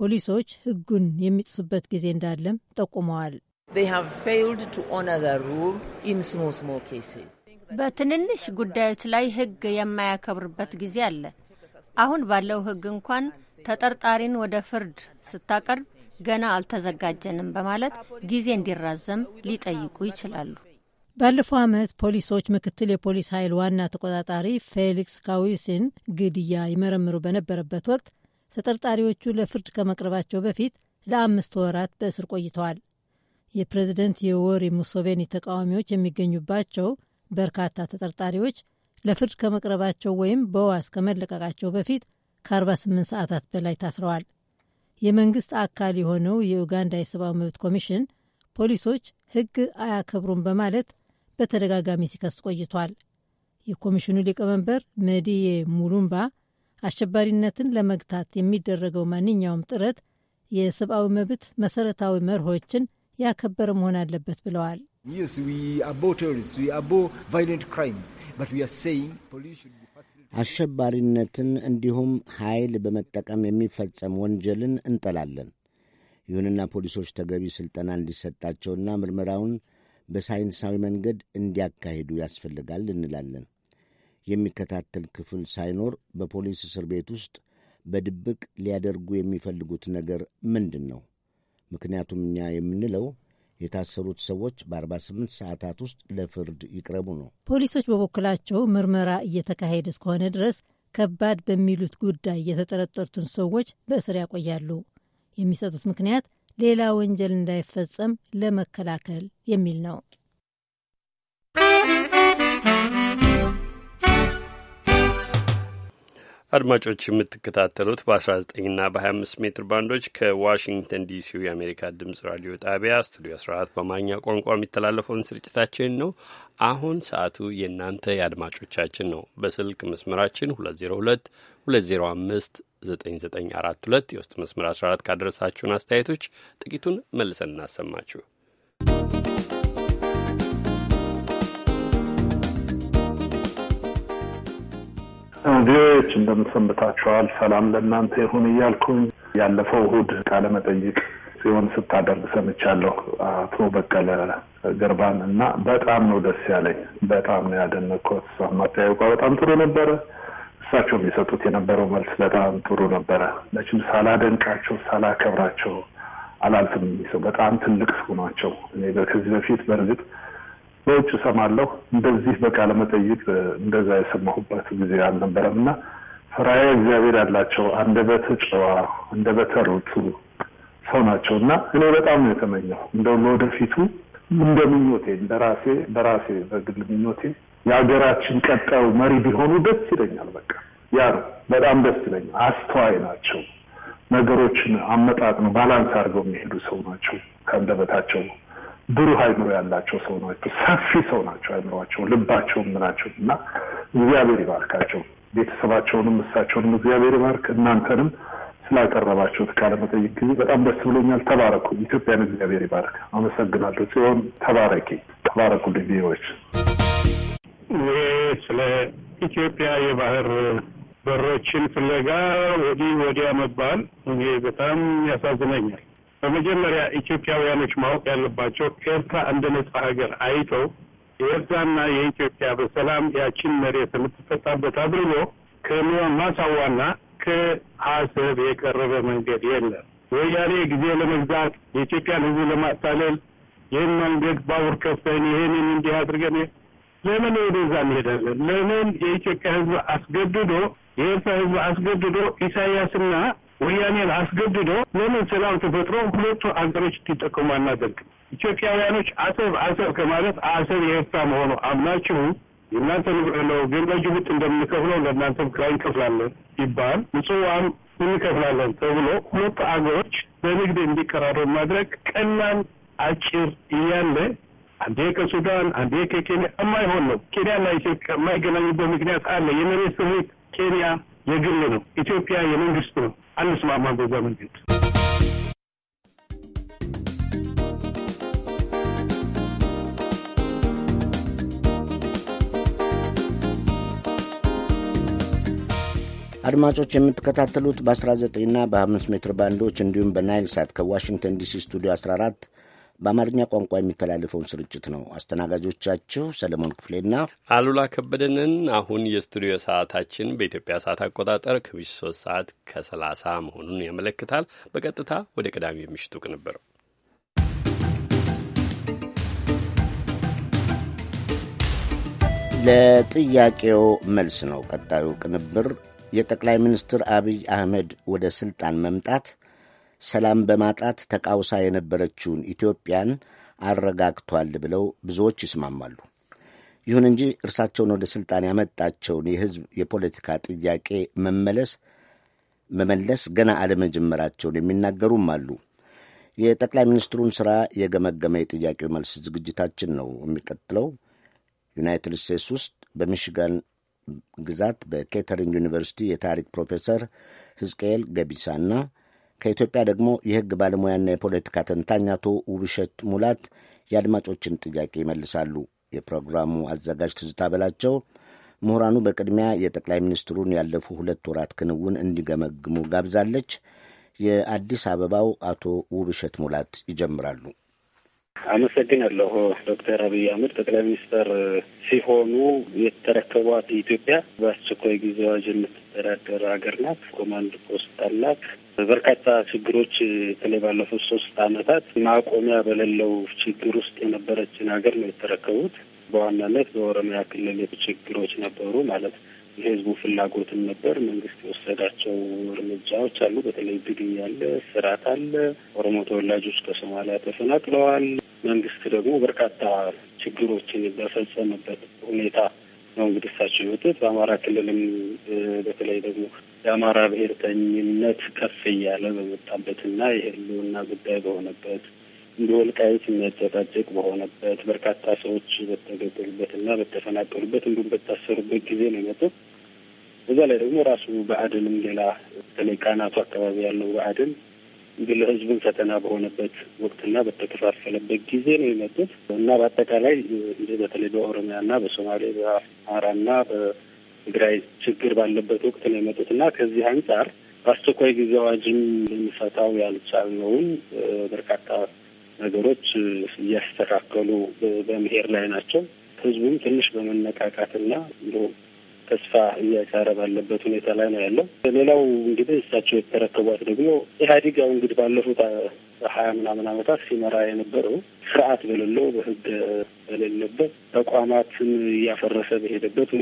ፖሊሶች ሕጉን የሚጥሱበት ጊዜ እንዳለም ጠቁመዋል። በትንንሽ ጉዳዮች ላይ ሕግ የማያከብርበት ጊዜ አለ። አሁን ባለው ሕግ እንኳን ተጠርጣሪን ወደ ፍርድ ስታቀርብ ገና አልተዘጋጀንም በማለት ጊዜ እንዲራዘም ሊጠይቁ ይችላሉ። ባለፈው ዓመት ፖሊሶች ምክትል የፖሊስ ኃይል ዋና ተቆጣጣሪ ፌሊክስ ካዊስን ግድያ ይመረምሩ በነበረበት ወቅት ተጠርጣሪዎቹ ለፍርድ ከመቅረባቸው በፊት ለአምስት ወራት በእስር ቆይተዋል። የፕሬዝደንት የወሪ ሙሶቬኒ ተቃዋሚዎች የሚገኙባቸው በርካታ ተጠርጣሪዎች ለፍርድ ከመቅረባቸው ወይም በዋስ ከመለቀቃቸው በፊት ከ48 ሰዓታት በላይ ታስረዋል። የመንግስት አካል የሆነው የኡጋንዳ የሰብአዊ መብት ኮሚሽን ፖሊሶች ሕግ አያከብሩም በማለት በተደጋጋሚ ሲከስ ቆይቷል። የኮሚሽኑ ሊቀመንበር መዲዬ ሙሉምባ አሸባሪነትን ለመግታት የሚደረገው ማንኛውም ጥረት የሰብአዊ መብት መሰረታዊ መርሆችን ያከበረ መሆን አለበት ብለዋል። አሸባሪነትን እንዲሁም ኃይል በመጠቀም የሚፈጸም ወንጀልን እንጠላለን። ይሁንና ፖሊሶች ተገቢ ሥልጠና እንዲሰጣቸውና ምርመራውን በሳይንሳዊ መንገድ እንዲያካሂዱ ያስፈልጋል እንላለን። የሚከታተል ክፍል ሳይኖር በፖሊስ እስር ቤት ውስጥ በድብቅ ሊያደርጉ የሚፈልጉት ነገር ምንድን ነው? ምክንያቱም እኛ የምንለው የታሰሩት ሰዎች በ48 ሰዓታት ውስጥ ለፍርድ ይቅረቡ ነው። ፖሊሶች በበኩላቸው ምርመራ እየተካሄደ እስከሆነ ድረስ ከባድ በሚሉት ጉዳይ የተጠረጠሩትን ሰዎች በእስር ያቆያሉ። የሚሰጡት ምክንያት ሌላ ወንጀል እንዳይፈጸም ለመከላከል የሚል ነው። አድማጮች የምትከታተሉት በ19ና በ25 ሜትር ባንዶች ከዋሽንግተን ዲሲው የአሜሪካ ድምጽ ራዲዮ ጣቢያ ስቱዲዮ 14 በአማርኛ ቋንቋ የሚተላለፈውን ስርጭታችን ነው። አሁን ሰዓቱ የእናንተ የአድማጮቻችን ነው። በስልክ መስመራችን 202 205 9942 የውስጥ መስመር 14 ካደረሳችሁን አስተያየቶች ጥቂቱን መልሰን እናሰማችሁ። እንዲዎች እንደምትሰንብታችኋል። ሰላም ለእናንተ ይሁን እያልኩኝ ያለፈው እሁድ ቃለ ሲሆን ስታደርግ ሰምቻለሁ አቶ በቀለ ገርባን እና በጣም ነው ደስ ያለኝ። በጣም ነው ያደነኩት። ማጠያየቋ በጣም ጥሩ ነበረ። እሳቸው የሚሰጡት የነበረው መልስ በጣም ጥሩ ነበረ። መቼም ሳላደንቃቸው ሳላከብራቸው አላልፍም። ሰው በጣም ትልቅ ሰው ናቸው። እኔ ከዚህ በፊት በእርግጥ በውጭ ሰማለሁ። እንደዚህ በቃለ መጠይቅ እንደዛ የሰማሁበት ጊዜ አልነበረም እና ፈሪሃ እግዚአብሔር ያላቸው አንደበተ ጨዋ፣ አንደበተ ሩቱ ሰው ናቸው እና እኔ በጣም ነው የተመኘው እንደው ለወደፊቱ እንደ ምኞቴ በራሴ በራሴ በግል ምኞቴ የሀገራችን ቀጣዩ መሪ ቢሆኑ ደስ ይለኛል። በቃ ያ ነው በጣም ደስ ይለኛል። አስተዋይ ናቸው። ነገሮችን አመጣጥ ነው ባላንስ አድርገው የሚሄዱ ሰው ናቸው። ከአንደበታቸው ብሩህ አይምሮ ያላቸው ሰው ናቸው። ሰፊ ሰው ናቸው። አይምሯቸው፣ ልባቸው ምናቸው እና እግዚአብሔር ይባርካቸው። ቤተሰባቸውንም እሳቸውንም እግዚአብሔር ይባርክ። እናንተንም ስላቀረባችሁት ቃለ መጠይቅ ጊዜ በጣም ደስ ብሎኛል። ተባረኩ። ኢትዮጵያን እግዚአብሔር ይባርክ። አመሰግናለሁ። ሲሆን ተባረኪ፣ ተባረኩ። ልቢዎች ስለ ኢትዮጵያ የባህር በሮችን ፍለጋ ወዲህ ወዲያ መባል እኔ በጣም ያሳዝነኛል። በመጀመሪያ ኢትዮጵያውያኖች ማወቅ ያለባቸው ኤርትራ እንደ ነጻ ሀገር አይተው የኤርትራና የኢትዮጵያ በሰላም ያችን መሬት የምትፈታበት አድርጎ ማሳዋና ከአሰብ የቀረበ መንገድ የለም። ወያኔ ጊዜ ለመግዛት የኢትዮጵያን ሕዝብ ለማታለል ይህን መንገድ ባቡር ከፍተን ይህንን እንዲህ አድርገን ለምን ወደዛ እንሄዳለን? ለምን የኢትዮጵያ ሕዝብ አስገድዶ የኤርትራ ሕዝብ አስገድዶ ኢሳያስና ወያኔን አስገድዶ ለምን ሰላም ተፈጥሮ ሁለቱ አገሮች እንዲጠቀሙ አናደርግም? ኢትዮጵያውያኖች አሰብ አሰብ ከማለት አሰብ የኤርትራ መሆኑ አምናችሁ የእናንተ ንብረት ነው፣ ግን እንደምንከፍለው ለእናንተም ክራይ እንከፍላለን ይባል ምጽዋም እንከፍላለን ተብሎ ሁለቱ አገሮች በንግድ እንዲቀራረብ ማድረግ ቀላል አጭር እያለ አንዴ ከሱዳን አንዴ ከኬንያ የማይሆን ነው። ኬንያና ኢትዮጵያ የማይገናኙበት ምክንያት አለ። የመሬት ስሪት ኬንያ የግል ነው፣ ኢትዮጵያ የመንግስት ነው። አንስማማ በዛ መንገድ። አድማጮች የምትከታተሉት በ19 እና በ5 ሜትር ባንዶች እንዲሁም በናይል ሳት ከዋሽንግተን ዲሲ ስቱዲዮ 14 በአማርኛ ቋንቋ የሚተላለፈውን ስርጭት ነው። አስተናጋጆቻችሁ ሰለሞን ክፍሌና አሉላ ከበደንን። አሁን የስቱዲዮ ሰዓታችን በኢትዮጵያ ሰዓት አቆጣጠር ከምሽቱ ሶስት ሰዓት ከሰላሳ መሆኑን ያመለክታል። በቀጥታ ወደ ቀዳሚ የምሽቱ ቅንብር ለጥያቄው መልስ ነው። ቀጣዩ ቅንብር የጠቅላይ ሚኒስትር አብይ አህመድ ወደ ስልጣን መምጣት ሰላም በማጣት ተቃውሳ የነበረችውን ኢትዮጵያን አረጋግቷል ብለው ብዙዎች ይስማማሉ። ይሁን እንጂ እርሳቸውን ወደ ሥልጣን ያመጣቸውን የሕዝብ የፖለቲካ ጥያቄ መመለስ መመለስ ገና አለመጀመራቸውን የሚናገሩም አሉ። የጠቅላይ ሚኒስትሩን ሥራ የገመገመ የጥያቄው መልስ ዝግጅታችን ነው የሚቀጥለው። ዩናይትድ ስቴትስ ውስጥ በሚሽጋን ግዛት በኬተሪንግ ዩኒቨርሲቲ የታሪክ ፕሮፌሰር ሕዝቅኤል ገቢሳና ከኢትዮጵያ ደግሞ የሕግ ባለሙያና የፖለቲካ ተንታኝ አቶ ውብሸት ሙላት የአድማጮችን ጥያቄ ይመልሳሉ። የፕሮግራሙ አዘጋጅ ትዝታ በላቸው ምሁራኑ በቅድሚያ የጠቅላይ ሚኒስትሩን ያለፉ ሁለት ወራት ክንውን እንዲገመግሙ ጋብዛለች። የአዲስ አበባው አቶ ውብሸት ሙላት ይጀምራሉ። አመሰግናለሁ። ዶክተር አብይ አህመድ ጠቅላይ ሚኒስትር ሲሆኑ የተረከቧት ኢትዮጵያ በአስቸኳይ ጊዜ አዋጅ የምትተዳደር ሀገር ናት። ኮማንድ ፖስት አላት። በርካታ ችግሮች በተለይ ባለፉት ሶስት አመታት ማቆሚያ በሌለው ችግር ውስጥ የነበረችን ሀገር ነው የተረከቡት። በዋናነት በኦሮሚያ ክልል ችግሮች ነበሩ ማለት ነው። የህዝቡ ፍላጎትን ነበር። መንግስት የወሰዳቸው እርምጃዎች አሉ። በተለይ ግድያ አለ፣ ስርዓት አለ። ኦሮሞ ተወላጆች ከሶማሊያ ተፈናቅለዋል። መንግስት ደግሞ በርካታ ችግሮችን በፈጸመበት ሁኔታ ነው እንግዲህ እሳቸው የወጡት። በአማራ ክልልም በተለይ ደግሞ የአማራ ብሔርተኝነት ከፍ እያለ በመጣበትና የህልውና ጉዳይ በሆነበት እንደ ወልቃይት የሚያጨቃጭቅ በሆነበት በርካታ ሰዎች በተገደሉበት እና በተፈናቀሉበት እንዲሁም በታሰሩበት ጊዜ ነው የመጡት። እዛ ላይ ደግሞ ራሱ በአድንም ሌላ በተለይ ቃናቱ አካባቢ ያለው በአድን እንግዲህ ለህዝብን ፈተና በሆነበት ወቅትና በተከፋፈለበት ጊዜ ነው የመጡት እና በአጠቃላይ እንደ በተለይ በኦሮሚያ እና በሶማሌ በአማራ እና በትግራይ ችግር ባለበት ወቅት ነው የመጡት እና ከዚህ አንጻር በአስቸኳይ ጊዜ አዋጅም ልንፈታው ያልቻልነውን በርካታ ነገሮች እያስተካከሉ በመሄድ ላይ ናቸው። ህዝቡም ትንሽ በመነቃቃትና ተስፋ እያጫረ ባለበት ሁኔታ ላይ ነው ያለው። ሌላው እንግዲህ እሳቸው የተረከቧት ደግሞ ኢህአዲግ ያው እንግዲህ ባለፉት ሀያ ምናምን ዓመታት ሲመራ የነበረው ስርዓት በሌለው በህግ በሌለበት ተቋማትን እያፈረሰ በሄደበት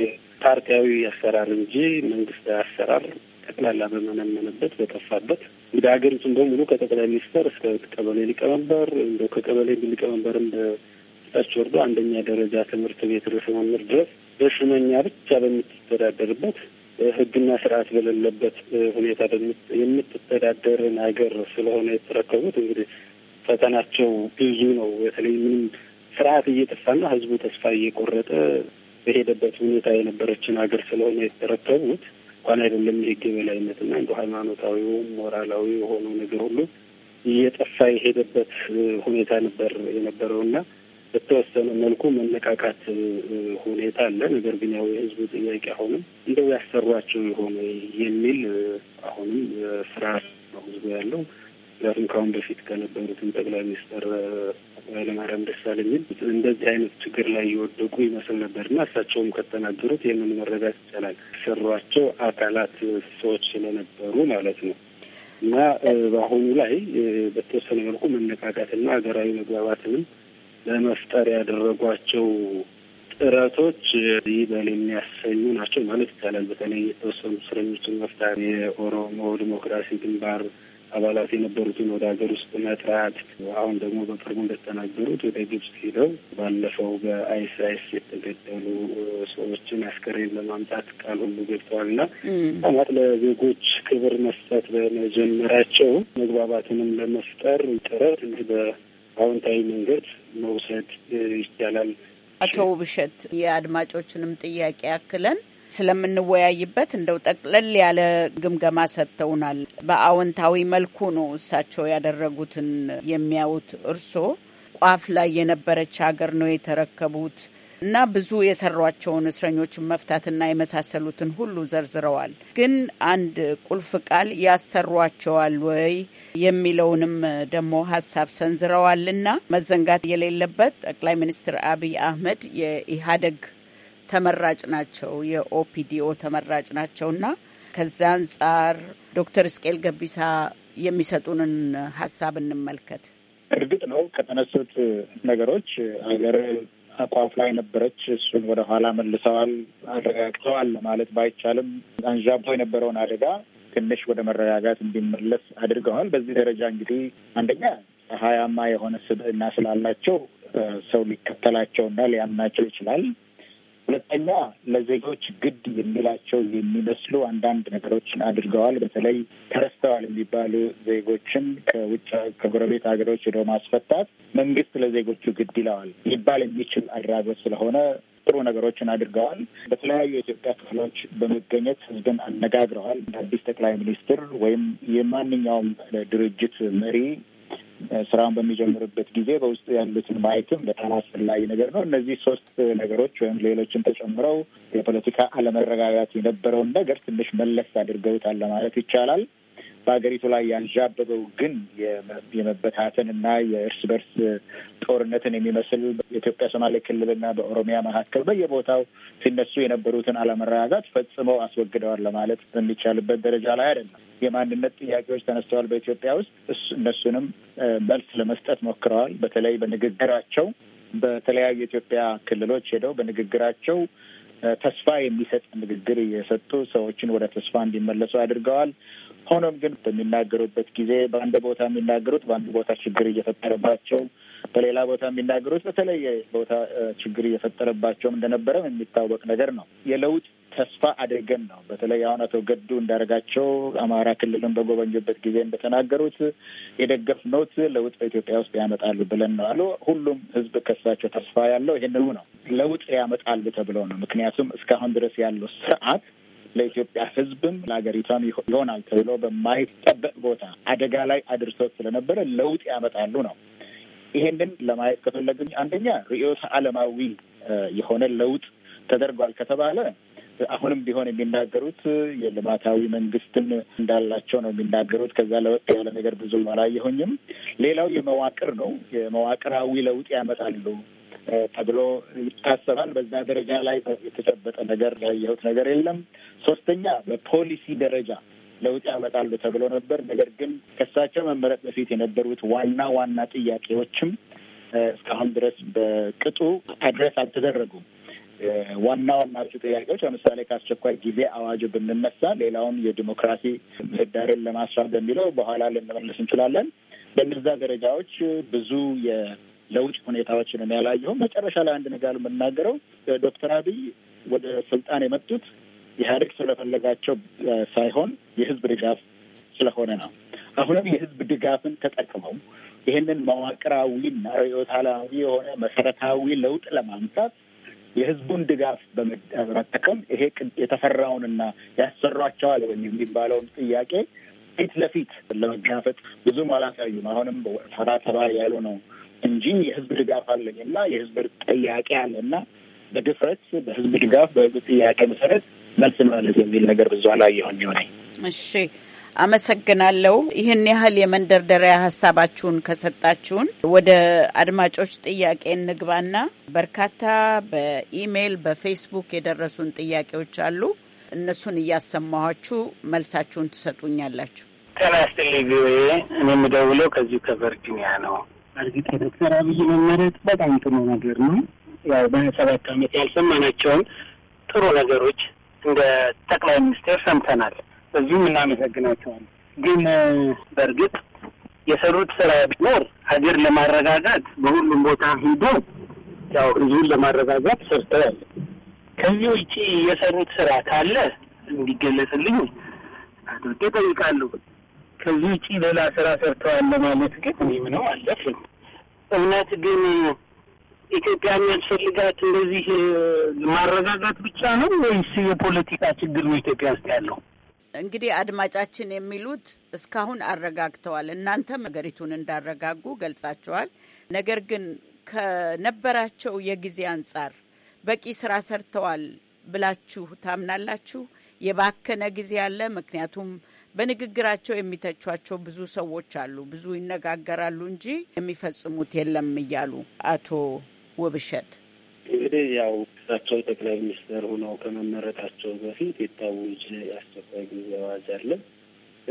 ፓርቲያዊ አሰራር እንጂ መንግስታዊ አሰራር ጠቅላላ በመነመነበት በጠፋበት እንግዲህ ሀገሪቱን በሙሉ ከጠቅላይ ሚኒስተር እስከ ቀበሌ ሊቀመንበር እንደ ከቀበሌ ሊቀመንበርም በታች ወርዶ አንደኛ ደረጃ ትምህርት ቤት ርዕሰ መምህር ድረስ በሽመኛ ብቻ በምትተዳደርበት ሕግና ስርዓት በሌለበት ሁኔታ የምትተዳደርን ሀገር ስለሆነ የተረከቡት እንግዲህ ፈተናቸው ብዙ ነው። በተለይ ምንም ስርዓት እየጠፋና ህዝቡ ተስፋ እየቆረጠ በሄደበት ሁኔታ የነበረችን ሀገር ስለሆነ የተረከቡት እንኳን አይደለም የህግ የበላይነትና እንደ ሃይማኖታዊውም ሞራላዊ የሆነው ነገር ሁሉ እየጠፋ የሄደበት ሁኔታ ነበር የነበረው የነበረውና በተወሰነ መልኩ መነቃቃት ሁኔታ አለ። ነገር ግን ያው የህዝቡ ጥያቄ አሁንም እንደው ያሰሯቸው የሆነ የሚል አሁንም ፍርሃት ነው ህዝቡ ያለው። ምክንያቱም ከአሁን በፊት ከነበሩትም ጠቅላይ ሚኒስትር ኃይለማርያም ደሳለኝን እንደዚህ አይነት ችግር ላይ እየወደቁ ይመስል ነበርና እሳቸውም ከተናገሩት ይህንን መረዳት ይቻላል። ሰሯቸው አካላት ሰዎች ስለነበሩ ማለት ነው እና በአሁኑ ላይ በተወሰነ መልኩ መነቃቃትና ሀገራዊ መግባባትንም ለመፍጠር ያደረጓቸው ጥረቶች ይበል የሚያሰኙ ናቸው ማለት ይቻላል። በተለይ የተወሰኑ እስረኞችን መፍታት የኦሮሞ ዲሞክራሲ ግንባር አባላት የነበሩትን ወደ ሀገር ውስጥ መጥራት፣ አሁን ደግሞ በቅርቡ እንደተናገሩት ወደ ግብጽ ሄደው ባለፈው በአይስ የተገደሉ ሰዎችን አስከሬን ለማምጣት ቃል ሁሉ ገብተዋልና ማለት ለዜጎች ክብር መስጠት በመጀመራቸው መግባባትንም ለመፍጠር ጥረት እንዲህ በአዎንታዊ መንገድ መውሰድ ይቻላል። አቶ ውብሸት የአድማጮችንም ጥያቄ ያክለን ስለምንወያይበት እንደው ጠቅለል ያለ ግምገማ ሰጥተውናል። በአዎንታዊ መልኩ ነው እሳቸው ያደረጉትን የሚያዩት። እርሶ ቋፍ ላይ የነበረች ሀገር ነው የተረከቡት እና ብዙ የሰሯቸውን እስረኞችን መፍታትና የመሳሰሉትን ሁሉ ዘርዝረዋል። ግን አንድ ቁልፍ ቃል ያሰሯቸዋል ወይ የሚለውንም ደግሞ ሀሳብ ሰንዝረዋልና መዘንጋት የሌለበት ጠቅላይ ሚኒስትር አብይ አህመድ የኢህአዴግ ተመራጭ ናቸው፣ የኦፒዲኦ ተመራጭ ናቸውና ከዚያ አንጻር ዶክተር እስቄል ገቢሳ የሚሰጡንን ሀሳብ እንመልከት። እርግጥ ነው ከተነሱት ነገሮች ሀገር አቋፍ ላይ ነበረች። እሱን ወደኋላ መልሰዋል፣ አረጋግተዋል ለማለት ባይቻልም አንዣቦ የነበረውን አደጋ ትንሽ ወደ መረጋጋት እንዲመለስ አድርገዋል። በዚህ ደረጃ እንግዲህ አንደኛ ፀሐያማ የሆነ ስብዕና ስላላቸው ሰው ሊከተላቸውና ሊያምናቸው ይችላል። ሁለተኛ ለዜጎች ግድ የሚላቸው የሚመስሉ አንዳንድ ነገሮችን አድርገዋል። በተለይ ተረስተዋል የሚባሉ ዜጎችን ከውጭ ከጎረቤት ሀገሮች ሄዶ ማስፈታት መንግስት ለዜጎቹ ግድ ይለዋል ሊባል የሚችል አድራጎት ስለሆነ ጥሩ ነገሮችን አድርገዋል። በተለያዩ የኢትዮጵያ ክፍሎች በመገኘት ህዝብን አነጋግረዋል። እንደ አዲስ ጠቅላይ ሚኒስትር ወይም የማንኛውም ድርጅት መሪ ስራውን በሚጀምርበት ጊዜ በውስጡ ያሉትን ማየትም በጣም አስፈላጊ ነገር ነው። እነዚህ ሶስት ነገሮች ወይም ሌሎችን ተጨምረው የፖለቲካ አለመረጋጋት የነበረውን ነገር ትንሽ መለስ አድርገውታል ለማለት ይቻላል። በሀገሪቱ ላይ ያንዣበበው ግን እና የእርስ በርስ ጦርነትን የሚመስል በኢትዮጵያ ሶማሌ ክልልና በኦሮሚያ መካከል በየቦታው ሲነሱ የነበሩትን አለመረጋጋት ፈጽመው አስወግደዋል ለማለት በሚቻልበት ደረጃ ላይ አይደለም። የማንነት ጥያቄዎች ተነስተዋል በኢትዮጵያ ውስጥ እነሱንም መልስ ለመስጠት ሞክረዋል። በተለይ በንግግራቸው በተለያዩ የኢትዮጵያ ክልሎች ሄደው በንግግራቸው ተስፋ የሚሰጥ ንግግር እየሰጡ ሰዎችን ወደ ተስፋ እንዲመለሱ አድርገዋል። ሆኖም ግን በሚናገሩበት ጊዜ በአንድ ቦታ የሚናገሩት በአንድ ቦታ ችግር እየፈጠረባቸው፣ በሌላ ቦታ የሚናገሩት በተለየ ቦታ ችግር እየፈጠረባቸውም እንደነበረም የሚታወቅ ነገር ነው። የለውጥ ተስፋ አድርገን ነው። በተለይ አሁን አቶ ገዱ እንዳደረጋቸው አማራ ክልልን በጎበኙበት ጊዜ እንደተናገሩት የደገፍነውት ለውጥ በኢትዮጵያ ውስጥ ያመጣሉ ብለን ነው አሉ። ሁሉም ሕዝብ ከሳቸው ተስፋ ያለው ይህንኑ ነው፣ ለውጥ ያመጣሉ ተብለው ነው። ምክንያቱም እስካሁን ድረስ ያለው ስርዓት ለኢትዮጵያ ሕዝብም ለሀገሪቷም ይሆናል ተብሎ በማይጠበቅ ቦታ አደጋ ላይ አድርሶት ስለነበረ ለውጥ ያመጣሉ ነው። ይሄንን ለማየት ከፈለግን አንደኛ ርዕዮተ ዓለማዊ የሆነ ለውጥ ተደርጓል ከተባለ አሁንም ቢሆን የሚናገሩት የልማታዊ መንግስትን እንዳላቸው ነው የሚናገሩት። ከዛ ለወጥ ያለ ነገር ብዙ አላየሁኝም። ሌላው የመዋቅር ነው። የመዋቅራዊ ለውጥ ያመጣሉ ተብሎ ይታሰባል። በዛ ደረጃ ላይ የተጨበጠ ነገር ያየሁት ነገር የለም። ሶስተኛ በፖሊሲ ደረጃ ለውጥ ያመጣሉ ተብሎ ነበር። ነገር ግን ከሳቸው መመረጥ በፊት የነበሩት ዋና ዋና ጥያቄዎችም እስካሁን ድረስ በቅጡ አድረስ አልተደረጉም። ዋና ዋናዎቹ ጥያቄዎች ለምሳሌ ከአስቸኳይ ጊዜ አዋጁ ብንነሳ ሌላውን የዲሞክራሲ ምህዳርን ለማስፋት በሚለው በኋላ ልንመለስ እንችላለን። በእነዛ ደረጃዎች ብዙ ለውጭ ሁኔታዎችንም ያላየሁም። መጨረሻ ላይ አንድ ነገር የምናገረው ዶክተር አብይ ወደ ስልጣን የመጡት ኢህአዴግ ስለፈለጋቸው ሳይሆን የህዝብ ድጋፍ ስለሆነ ነው። አሁንም የህዝብ ድጋፍን ተጠቅመው ይህንን መዋቅራዊና ርዕዮተ የሆነ መሰረታዊ ለውጥ ለማምጣት የህዝቡን ድጋፍ በመጠቀም ይሄ የተፈራውንና ያሰሯቸዋል ወይም የሚባለውን ጥያቄ ፊት ለፊት ለመጋፈጥ ብዙም አላሳዩም። አሁንም ፈራ ተባ ያሉ ነው እንጂ የህዝብ ድጋፍ አለኝ እና የህዝብ ጥያቄ አለ እና በድፍረት በህዝብ ድጋፍ በህዝብ ጥያቄ መሰረት መልስ ማለት የሚል ነገር ብዙ አላየሁም። ሆነ እሺ፣ አመሰግናለሁ። ይህን ያህል የመንደርደሪያ ሀሳባችሁን ከሰጣችሁን ወደ አድማጮች ጥያቄ እንግባና በርካታ በኢሜይል በፌስቡክ የደረሱን ጥያቄዎች አሉ። እነሱን እያሰማኋችሁ መልሳችሁን ትሰጡኛላችሁ። ጤና ይስጥልኝ። ቪኦኤ እኔ የምደውለው ከዚሁ ከቨርጂኒያ ነው። እርግጥ የዶክተር አብይ መመረጥ በጣም ጥሩ ነገር ነው። ያው በሰባት ዓመት ያልሰማናቸውን ጥሩ ነገሮች እንደ ጠቅላይ ሚኒስትር ሰምተናል። በዚሁም እናመሰግናቸዋለን። ግን በእርግጥ የሰሩት ስራ ቢኖር ሀገር ለማረጋጋት በሁሉም ቦታ ሂዶ ያው ህዝቡን ለማረጋጋት ሰርተዋል። ከዚህ ውጭ የሰሩት ስራ ካለ እንዲገለጽልኝ አድርጌ ጠይቃለሁ። ከዚህ ውጭ ሌላ ስራ ሰርተዋል ለማለት ግን እኔ ምነው አለፍም። እውነት ግን ኢትዮጵያ የሚያስፈልጋት እንደዚህ ማረጋጋት ብቻ ነው ወይስ የፖለቲካ ችግር ነው ኢትዮጵያ ውስጥ ያለው? እንግዲህ አድማጫችን የሚሉት እስካሁን አረጋግተዋል። እናንተም ሀገሪቱን እንዳረጋጉ ገልጻቸዋል። ነገር ግን ከነበራቸው የጊዜ አንጻር በቂ ስራ ሰርተዋል ብላችሁ ታምናላችሁ? የባከነ ጊዜ አለ? ምክንያቱም በንግግራቸው የሚተቿቸው ብዙ ሰዎች አሉ። ብዙ ይነጋገራሉ እንጂ የሚፈጽሙት የለም እያሉ አቶ ውብሸት እንግዲህ ያው እሳቸው ጠቅላይ ሚኒስትር ሆነው ከመመረጣቸው በፊት የታወጀ አስቸኳይ ጊዜ አዋጅ አለ።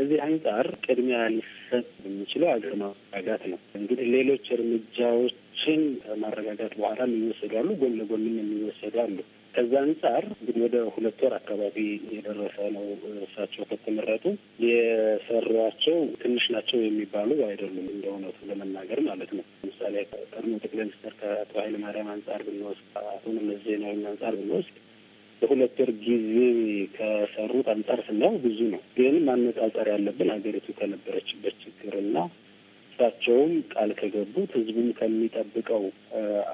እዚህ አንጻር ቅድሚያ ሊሰጥ የሚችለው አገር ማረጋጋት ነው። እንግዲህ ሌሎች እርምጃዎችን ከማረጋጋት በኋላ የሚወሰዱ አሉ፣ ጎን ለጎንም የሚወሰዱ አሉ። ከዛ አንጻር እንግዲህ ወደ ሁለት ወር አካባቢ የደረሰ ነው። እሳቸው ከተመረጡ የሰሯቸው ትንሽ ናቸው የሚባሉ አይደሉም፣ እንደ እውነቱ ለመናገር ማለት ነው። ለምሳሌ ቀድሞ ጠቅላይ ሚኒስትር ከአቶ ኃይለማርያም አንጻር ብንወስድ፣ አቶ መለስ ዜናዊን አንጻር ብንወስድ በሁለት ወር ጊዜ ከሰሩት አንጻር ስናየው ብዙ ነው። ግን ማነጻጸር ያለብን ሀገሪቱ ከነበረችበት ችግርና እሳቸውም ቃል ከገቡት ህዝቡም ከሚጠብቀው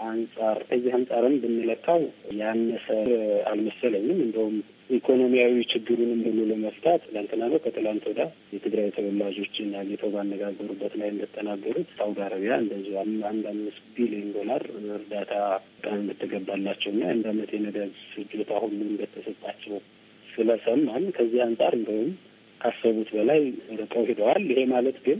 አንጻር ከዚህ አንጻርም ብንለካው ያነሰ አልመሰለኝም። እንደውም ኢኮኖሚያዊ ችግሩንም ሁሉ ለመፍታት ትላንትና ነው ከትላንት ወዳ የትግራይ ተወላጆችን አግኝተው ባነጋገሩበት ላይ እንደተናገሩት ሳውዲ አረቢያ እንደዚ አንድ አምስት ቢሊዮን ዶላር እርዳታ ቃል እንደተገባላቸው እና አንድ አመት የነዳጅ ስጆታ ሁሉ እንደተሰጣቸው ስለሰማን ከዚህ አንጻር እንደውም ካሰቡት በላይ ርቀው ሄደዋል። ይሄ ማለት ግን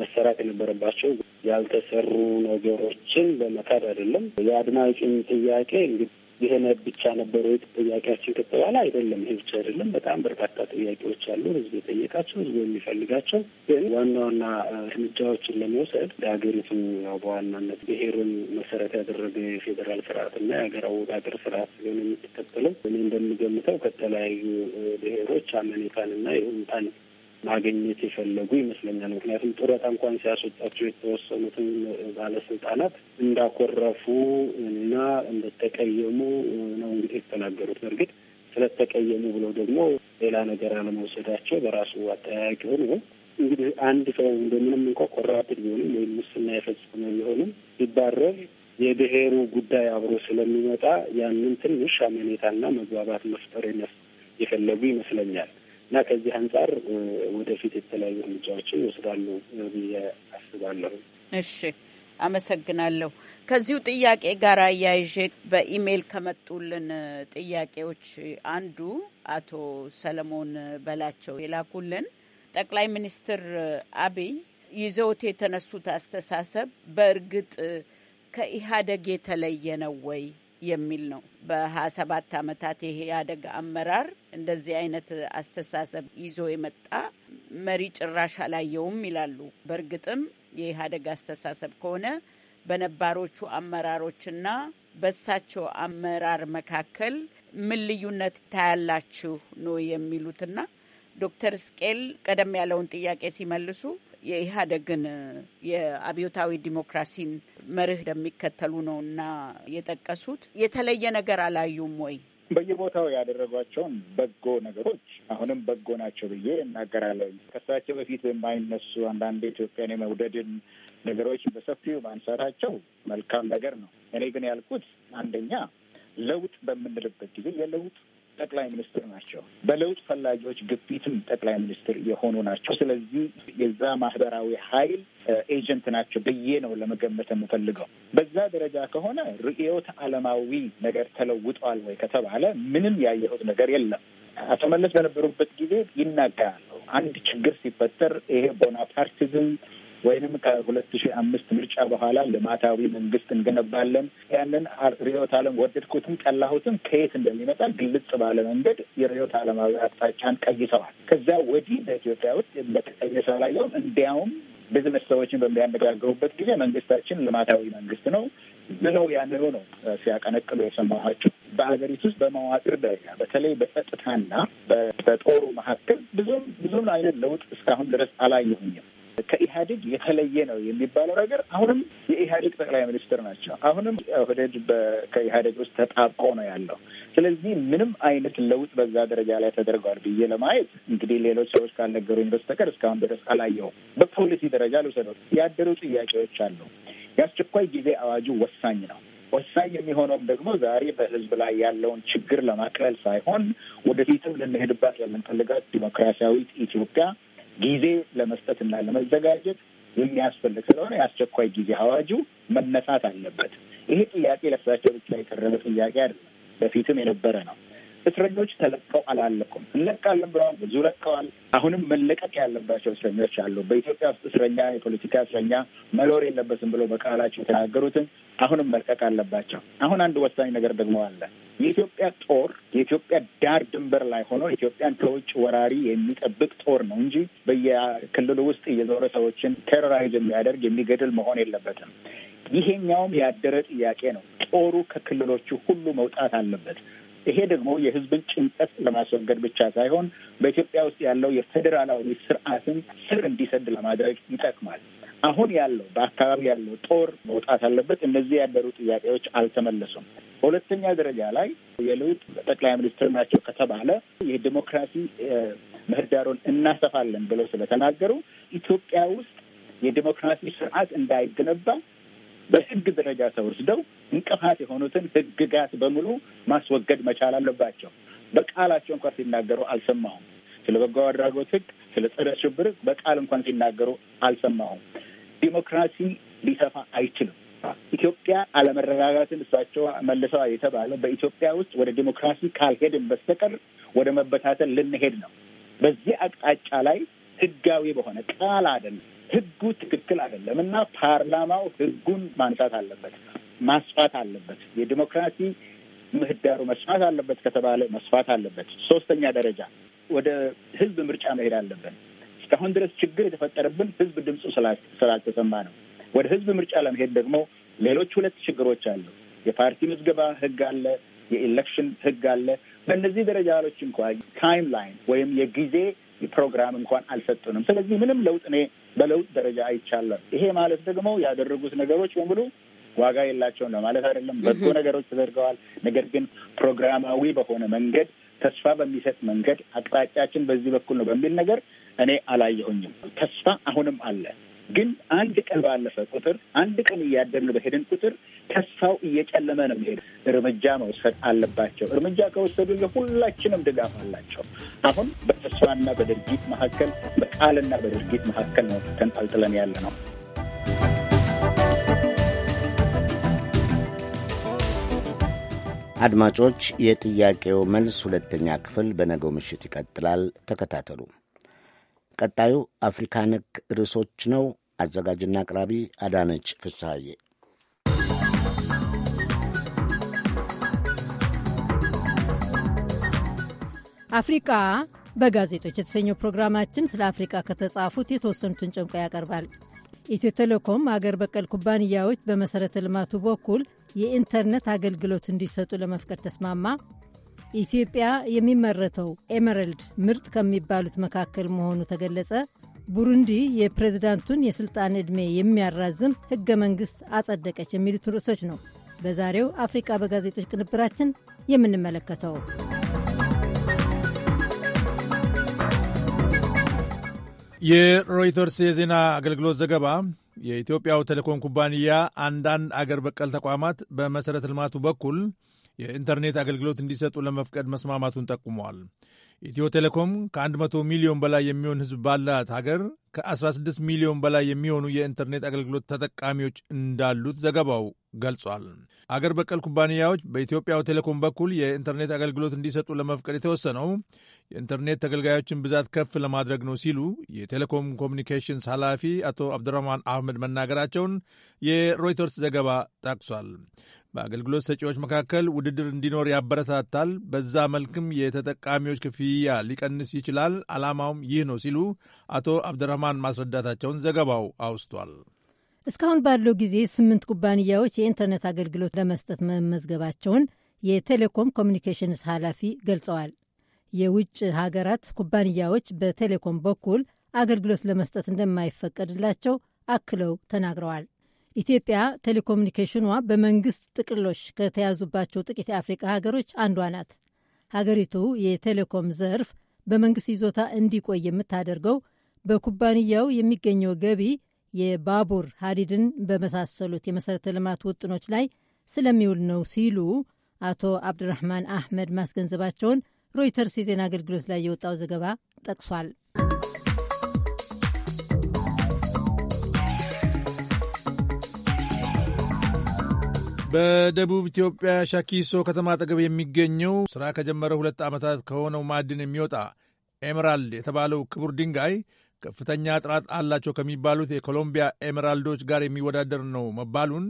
መሰራት የነበረባቸው ያልተሰሩ ነገሮችን በመካድ አይደለም። የአድማጭን ጥያቄ እንግዲህ ይህን ብቻ ነበሩ ጥያቄያችን ከተባለ አይደለም። ይህ ብቻ አይደለም። በጣም በርካታ ጥያቄዎች አሉ። ህዝብ የጠየቃቸው፣ ህዝቡ የሚፈልጋቸው ግን ዋና ዋና እርምጃዎችን ለመውሰድ ለሀገሪቱ ያው በዋናነት ብሔርን መሰረት ያደረገ የፌዴራል ስርዓትና የሀገር አወቃቀር ስርዓት ሲሆን የምትከተለው እኔ እንደምገምተው ከተለያዩ ብሔሮች አመኔታንና ይሁንታን ማግኘት የፈለጉ ይመስለኛል። ምክንያቱም ጡረታ እንኳን ሲያስወጣቸው የተወሰኑትን ባለስልጣናት እንዳኮረፉ እና እንደተቀየሙ ነው እንግዲህ የተናገሩት። በእርግጥ ስለተቀየሙ ብለው ደግሞ ሌላ ነገር አለመውሰዳቸው በራሱ አጠያያቂ ሆኖ እንግዲህ አንድ ሰው እንደምንም እንኳ ኮራፕት ቢሆንም ወይም ሙስና የፈጸመ ቢሆንም ሲባረር የብሔሩ ጉዳይ አብሮ ስለሚመጣ ያንን ትንሽ አመኔታና መግባባት መፍጠር የፈለጉ ይመስለኛል። እና ከዚህ አንጻር ወደፊት የተለያዩ እርምጃዎችን ይወስዳሉ ብዬ አስባለሁ። እሺ አመሰግናለሁ። ከዚሁ ጥያቄ ጋር አያይዤ በኢሜይል ከመጡልን ጥያቄዎች አንዱ አቶ ሰለሞን በላቸው የላኩልን ጠቅላይ ሚኒስትር አብይ ይዘውት የተነሱት አስተሳሰብ በእርግጥ ከኢህአዴግ የተለየ ነው ወይ የሚል ነው። በ27 ዓመታት የኢህአዴግ አመራር እንደዚህ አይነት አስተሳሰብ ይዞ የመጣ መሪ ጭራሽ አላየውም ይላሉ። በእርግጥም የኢህአደግ አስተሳሰብ ከሆነ በነባሮቹ አመራሮችና በሳቸው አመራር መካከል ምን ልዩነት ታያላችሁ ነው የሚሉትና ዶክተር ስቄል ቀደም ያለውን ጥያቄ ሲመልሱ የኢህአደግን የአብዮታዊ ዲሞክራሲን መርህ እንደሚከተሉ ነው እና የጠቀሱት የተለየ ነገር አላዩም ወይ? በየቦታው ያደረጓቸውን በጎ ነገሮች አሁንም በጎ ናቸው ብዬ እናገራለን። ከሳቸው በፊት የማይነሱ አንዳንድ ኢትዮጵያን የመውደድን ነገሮች በሰፊው ማንሳታቸው መልካም ነገር ነው። እኔ ግን ያልኩት አንደኛ ለውጥ በምንልበት ጊዜ የለውጥ ጠቅላይ ሚኒስትር ናቸው። በለውጥ ፈላጊዎች ግፊትም ጠቅላይ ሚኒስትር የሆኑ ናቸው። ስለዚህ የዛ ማህበራዊ ኃይል ኤጀንት ናቸው ብዬ ነው ለመገመት የምፈልገው። በዛ ደረጃ ከሆነ ርዕዮተ ዓለማዊ ነገር ተለውጧል ወይ ከተባለ ምንም ያየሁት ነገር የለም። አቶ መለስ በነበሩበት ጊዜ ይናገራሉ። አንድ ችግር ሲፈጠር ይሄ ቦናፓርቲዝም ወይንም ከሁለት ሺህ አምስት ምርጫ በኋላ ልማታዊ መንግስት እንገነባለን ያንን ርዕዮተ ዓለም ወደድኩትም ጠላሁትም ከየት እንደሚመጣ ግልጽ ባለ መንገድ የርዕዮተ ዓለማዊ አቅጣጫን ቀይሰዋል። ከዛ ወዲህ በኢትዮጵያ ውስጥ በተቀየሰ ላየውም እንዲያውም ቢዝነስ ሰዎችን በሚያነጋግሩበት ጊዜ መንግስታችን ልማታዊ መንግስት ነው ብለው ያንኑ ነው ሲያቀነቅሉ የሰማኋቸው። በሀገሪቱ ውስጥ በመዋቅር ደረጃ በተለይ በጸጥታና በጦሩ መካከል ብዙም ብዙም አይነት ለውጥ እስካሁን ድረስ አላየሁኝም። ከኢህአዴግ የተለየ ነው የሚባለው ነገር አሁንም የኢህአዴግ ጠቅላይ ሚኒስትር ናቸው። አሁንም ኦህዴድ ከኢህአዴግ ውስጥ ተጣብቆ ነው ያለው። ስለዚህ ምንም አይነት ለውጥ በዛ ደረጃ ላይ ተደርጓል ብዬ ለማየት እንግዲህ ሌሎች ሰዎች ካልነገሩኝ በስተቀር እስካሁን ድረስ አላየሁም። በፖሊሲ ደረጃ ልውሰደው ያደሩ ጥያቄዎች አሉ። የአስቸኳይ ጊዜ አዋጁ ወሳኝ ነው። ወሳኝ የሚሆነውም ደግሞ ዛሬ በህዝብ ላይ ያለውን ችግር ለማቅለል ሳይሆን ወደፊትም ልንሄድባት ለምንፈልጋት ዲሞክራሲያዊት ኢትዮጵያ ጊዜ ለመስጠትና ለመዘጋጀት የሚያስፈልግ ስለሆነ የአስቸኳይ ጊዜ አዋጁ መነሳት አለበት። ይሄ ጥያቄ ለእሳቸው ብቻ የቀረበ ጥያቄ አይደለም፣ በፊትም የነበረ ነው። እስረኞች ተለቀው አላለቁም። እንለቃለን ብለዋል፣ ብዙ ለቀዋል። አሁንም መለቀቅ ያለባቸው እስረኞች አሉ። በኢትዮጵያ ውስጥ እስረኛ የፖለቲካ እስረኛ መኖር የለበትም ብሎ በቃላቸው የተናገሩትን አሁንም መልቀቅ አለባቸው። አሁን አንድ ወሳኝ ነገር ደግሞ አለ። የኢትዮጵያ ጦር የኢትዮጵያ ዳር ድንበር ላይ ሆኖ ኢትዮጵያን ከውጭ ወራሪ የሚጠብቅ ጦር ነው እንጂ በየክልሉ ውስጥ እየዞረ ሰዎችን ቴሮራይዝ የሚያደርግ የሚገድል መሆን የለበትም። ይሄኛውም ያደረ ጥያቄ ነው። ጦሩ ከክልሎቹ ሁሉ መውጣት አለበት። ይሄ ደግሞ የህዝብን ጭንቀት ለማስወገድ ብቻ ሳይሆን በኢትዮጵያ ውስጥ ያለው የፌዴራላዊ ስርዓትን ስር እንዲሰድ ለማድረግ ይጠቅማል። አሁን ያለው በአካባቢ ያለው ጦር መውጣት አለበት። እነዚህ ያደሩ ጥያቄዎች አልተመለሱም። በሁለተኛ ደረጃ ላይ የለውጥ ጠቅላይ ሚኒስትር ናቸው ከተባለ የዲሞክራሲ ምህዳሩን እናሰፋለን ብለው ስለተናገሩ ኢትዮጵያ ውስጥ የዲሞክራሲ ስርዓት እንዳይገነባ በህግ ደረጃ ተወስደው እንቅፋት የሆኑትን ህግጋት በሙሉ ማስወገድ መቻል አለባቸው። በቃላቸው እንኳን ሲናገሩ አልሰማሁም። ስለ በጎ አድራጎት ህግ፣ ስለ ጸረ ሽብር በቃል እንኳን ሲናገሩ አልሰማሁም። ዲሞክራሲ ሊሰፋ አይችልም። ኢትዮጵያ አለመረጋጋትን እሳቸው መልሰው የተባለ በኢትዮጵያ ውስጥ ወደ ዲሞክራሲ ካልሄድን በስተቀር ወደ መበታተል ልንሄድ ነው። በዚህ አቅጣጫ ላይ ህጋዊ በሆነ ቃል አይደለም። ህጉ ትክክል አደለም እና ፓርላማው ህጉን ማንሳት አለበት፣ ማስፋት አለበት። የዲሞክራሲ ምህዳሩ መስፋት አለበት ከተባለ መስፋት አለበት። ሶስተኛ ደረጃ ወደ ህዝብ ምርጫ መሄድ አለብን። እስካሁን ድረስ ችግር የተፈጠረብን ህዝብ ድምፁ ስላልተሰማ ነው። ወደ ህዝብ ምርጫ ለመሄድ ደግሞ ሌሎች ሁለት ችግሮች አሉ። የፓርቲ ምዝገባ ህግ አለ፣ የኢሌክሽን ህግ አለ። በእነዚህ ደረጃዎች እንኳ ታይም ላይን ወይም የጊዜ ፕሮግራም እንኳን አልሰጡንም። ስለዚህ ምንም ለውጥ እኔ በለውጥ ደረጃ አይቻለም። ይሄ ማለት ደግሞ ያደረጉት ነገሮች በሙሉ ዋጋ የላቸውም ለማለት አይደለም። በጎ ነገሮች ተደርገዋል። ነገር ግን ፕሮግራማዊ በሆነ መንገድ ተስፋ በሚሰጥ መንገድ አቅጣጫችን በዚህ በኩል ነው በሚል ነገር እኔ አላየሁኝም። ተስፋ አሁንም አለ። ግን አንድ ቀን ባለፈ ቁጥር አንድ ቀን እያደርን በሄድን ቁጥር ተስፋው እየጨለመ ነው የሚሄዱ እርምጃ መውሰድ አለባቸው። እርምጃ ከወሰዱ የሁላችንም ድጋፍ አላቸው። አሁን በተስፋና በድርጊት መካከል፣ በቃልና በድርጊት መካከል ነው ተንጠልጥለን ያለ ነው። አድማጮች፣ የጥያቄው መልስ ሁለተኛ ክፍል በነገው ምሽት ይቀጥላል። ተከታተሉ። ቀጣዩ አፍሪካ ነክ ርዕሶች ነው። አዘጋጅና አቅራቢ አዳነች ፍስሐዬ አፍሪቃ በጋዜጦች የተሰኘው ፕሮግራማችን ስለ አፍሪቃ ከተጻፉት የተወሰኑትን ጨምቆ ያቀርባል። ኢትዮ ቴሌኮም አገር በቀል ኩባንያዎች በመሠረተ ልማቱ በኩል የኢንተርኔት አገልግሎት እንዲሰጡ ለመፍቀድ ተስማማ፣ ኢትዮጵያ የሚመረተው ኤመረልድ ምርጥ ከሚባሉት መካከል መሆኑ ተገለጸ፣ ቡሩንዲ የፕሬዝዳንቱን የሥልጣን ዕድሜ የሚያራዝም ሕገ መንግሥት አጸደቀች፣ የሚሉት ርዕሶች ነው በዛሬው አፍሪቃ በጋዜጦች ቅንብራችን የምንመለከተው። የሮይተርስ የዜና አገልግሎት ዘገባ የኢትዮጵያው ቴሌኮም ኩባንያ አንዳንድ አገር በቀል ተቋማት በመሠረተ ልማቱ በኩል የኢንተርኔት አገልግሎት እንዲሰጡ ለመፍቀድ መስማማቱን ጠቁመዋል። ኢትዮ ቴሌኮም ከ100 ሚሊዮን በላይ የሚሆን ህዝብ ባላት ሀገር ከ16 ሚሊዮን በላይ የሚሆኑ የኢንተርኔት አገልግሎት ተጠቃሚዎች እንዳሉት ዘገባው ገልጿል። አገር በቀል ኩባንያዎች በኢትዮጵያው ቴሌኮም በኩል የኢንተርኔት አገልግሎት እንዲሰጡ ለመፍቀድ የተወሰነው የኢንተርኔት ተገልጋዮችን ብዛት ከፍ ለማድረግ ነው ሲሉ የቴሌኮም ኮሚኒኬሽንስ ኃላፊ አቶ አብዱራህማን አህመድ መናገራቸውን የሮይተርስ ዘገባ ጠቅሷል። በአገልግሎት ሰጪዎች መካከል ውድድር እንዲኖር ያበረታታል። በዛ መልክም የተጠቃሚዎች ክፍያ ሊቀንስ ይችላል። ዓላማውም ይህ ነው ሲሉ አቶ አብደረህማን ማስረዳታቸውን ዘገባው አውስቷል። እስካሁን ባለው ጊዜ ስምንት ኩባንያዎች የኢንተርኔት አገልግሎት ለመስጠት መመዝገባቸውን የቴሌኮም ኮሚኒኬሽንስ ኃላፊ ገልጸዋል። የውጭ ሀገራት ኩባንያዎች በቴሌኮም በኩል አገልግሎት ለመስጠት እንደማይፈቀድላቸው አክለው ተናግረዋል። ኢትዮጵያ ቴሌኮሙኒኬሽኗ በመንግስት ጥቅሎች ከተያዙባቸው ጥቂት የአፍሪቃ ሀገሮች አንዷ ናት። ሀገሪቱ የቴሌኮም ዘርፍ በመንግስት ይዞታ እንዲቆይ የምታደርገው በኩባንያው የሚገኘው ገቢ የባቡር ሀዲድን በመሳሰሉት የመሠረተ ልማት ውጥኖች ላይ ስለሚውል ነው ሲሉ አቶ አብድራህማን አህመድ ማስገንዘባቸውን ሮይተርስ የዜና አገልግሎት ላይ የወጣው ዘገባ ጠቅሷል። በደቡብ ኢትዮጵያ ሻኪሶ ከተማ አጠገብ የሚገኘው ስራ ከጀመረ ሁለት ዓመታት ከሆነው ማዕድን የሚወጣ ኤምራልድ የተባለው ክቡር ድንጋይ ከፍተኛ ጥራት አላቸው ከሚባሉት የኮሎምቢያ ኤምራልዶች ጋር የሚወዳደር ነው መባሉን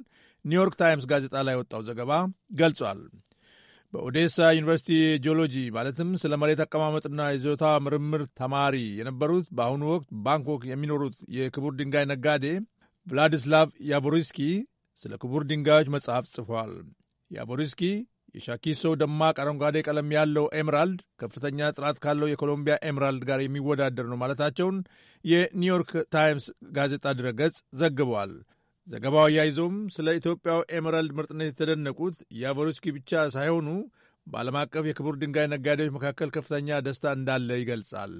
ኒውዮርክ ታይምስ ጋዜጣ ላይ ወጣው ዘገባ ገልጿል። በኦዴሳ ዩኒቨርሲቲ ጂኦሎጂ ማለትም ስለ መሬት አቀማመጥና ይዞታ ምርምር ተማሪ የነበሩት በአሁኑ ወቅት ባንኮክ የሚኖሩት የክቡር ድንጋይ ነጋዴ ቭላዲስላቭ ያቮሪስኪ ስለ ክቡር ድንጋዮች መጽሐፍ ጽፏል። የአቦሪስኪ የሻኪሶ ደማቅ አረንጓዴ ቀለም ያለው ኤምራልድ ከፍተኛ ጥራት ካለው የኮሎምቢያ ኤምራልድ ጋር የሚወዳደር ነው ማለታቸውን የኒውዮርክ ታይምስ ጋዜጣ ድረገጽ ዘግቧል። ዘገባው አያይዞም ስለ ኢትዮጵያው ኤምራልድ ምርጥነት የተደነቁት የአቮሪስኪ ብቻ ሳይሆኑ በዓለም አቀፍ የክቡር ድንጋይ ነጋዴዎች መካከል ከፍተኛ ደስታ እንዳለ ይገልጻል።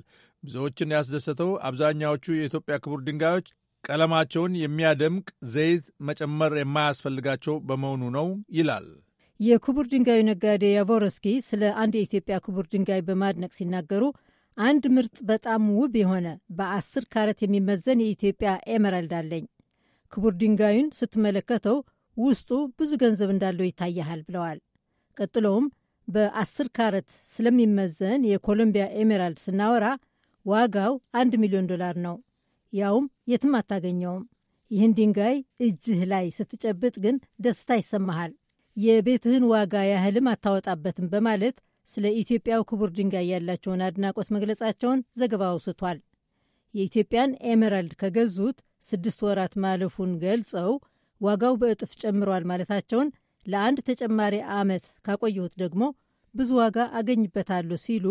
ብዙዎችን ያስደሰተው አብዛኛዎቹ የኢትዮጵያ ክቡር ድንጋዮች ቀለማቸውን የሚያደምቅ ዘይት መጨመር የማያስፈልጋቸው በመሆኑ ነው ይላል። የክቡር ድንጋዩ ነጋዴ ያቮረስኪ ስለ አንድ የኢትዮጵያ ክቡር ድንጋይ በማድነቅ ሲናገሩ አንድ ምርጥ በጣም ውብ የሆነ በአስር ካረት የሚመዘን የኢትዮጵያ ኤመራልድ አለኝ። ክቡር ድንጋዩን ስትመለከተው ውስጡ ብዙ ገንዘብ እንዳለው ይታያሃል ብለዋል። ቀጥለውም በአስር ካረት ስለሚመዘን የኮሎምቢያ ኤሜራልድ ስናወራ ዋጋው አንድ ሚሊዮን ዶላር ነው ያውም የትም አታገኘውም። ይህን ድንጋይ እጅህ ላይ ስትጨብጥ ግን ደስታ ይሰማሃል። የቤትህን ዋጋ ያህልም አታወጣበትም በማለት ስለ ኢትዮጵያው ክቡር ድንጋይ ያላቸውን አድናቆት መግለጻቸውን ዘገባ አውስቷል። የኢትዮጵያን ኤሜራልድ ከገዙት ስድስት ወራት ማለፉን ገልጸው ዋጋው በእጥፍ ጨምሯል ማለታቸውን፣ ለአንድ ተጨማሪ ዓመት ካቆየሁት ደግሞ ብዙ ዋጋ አገኝበታለሁ ሲሉ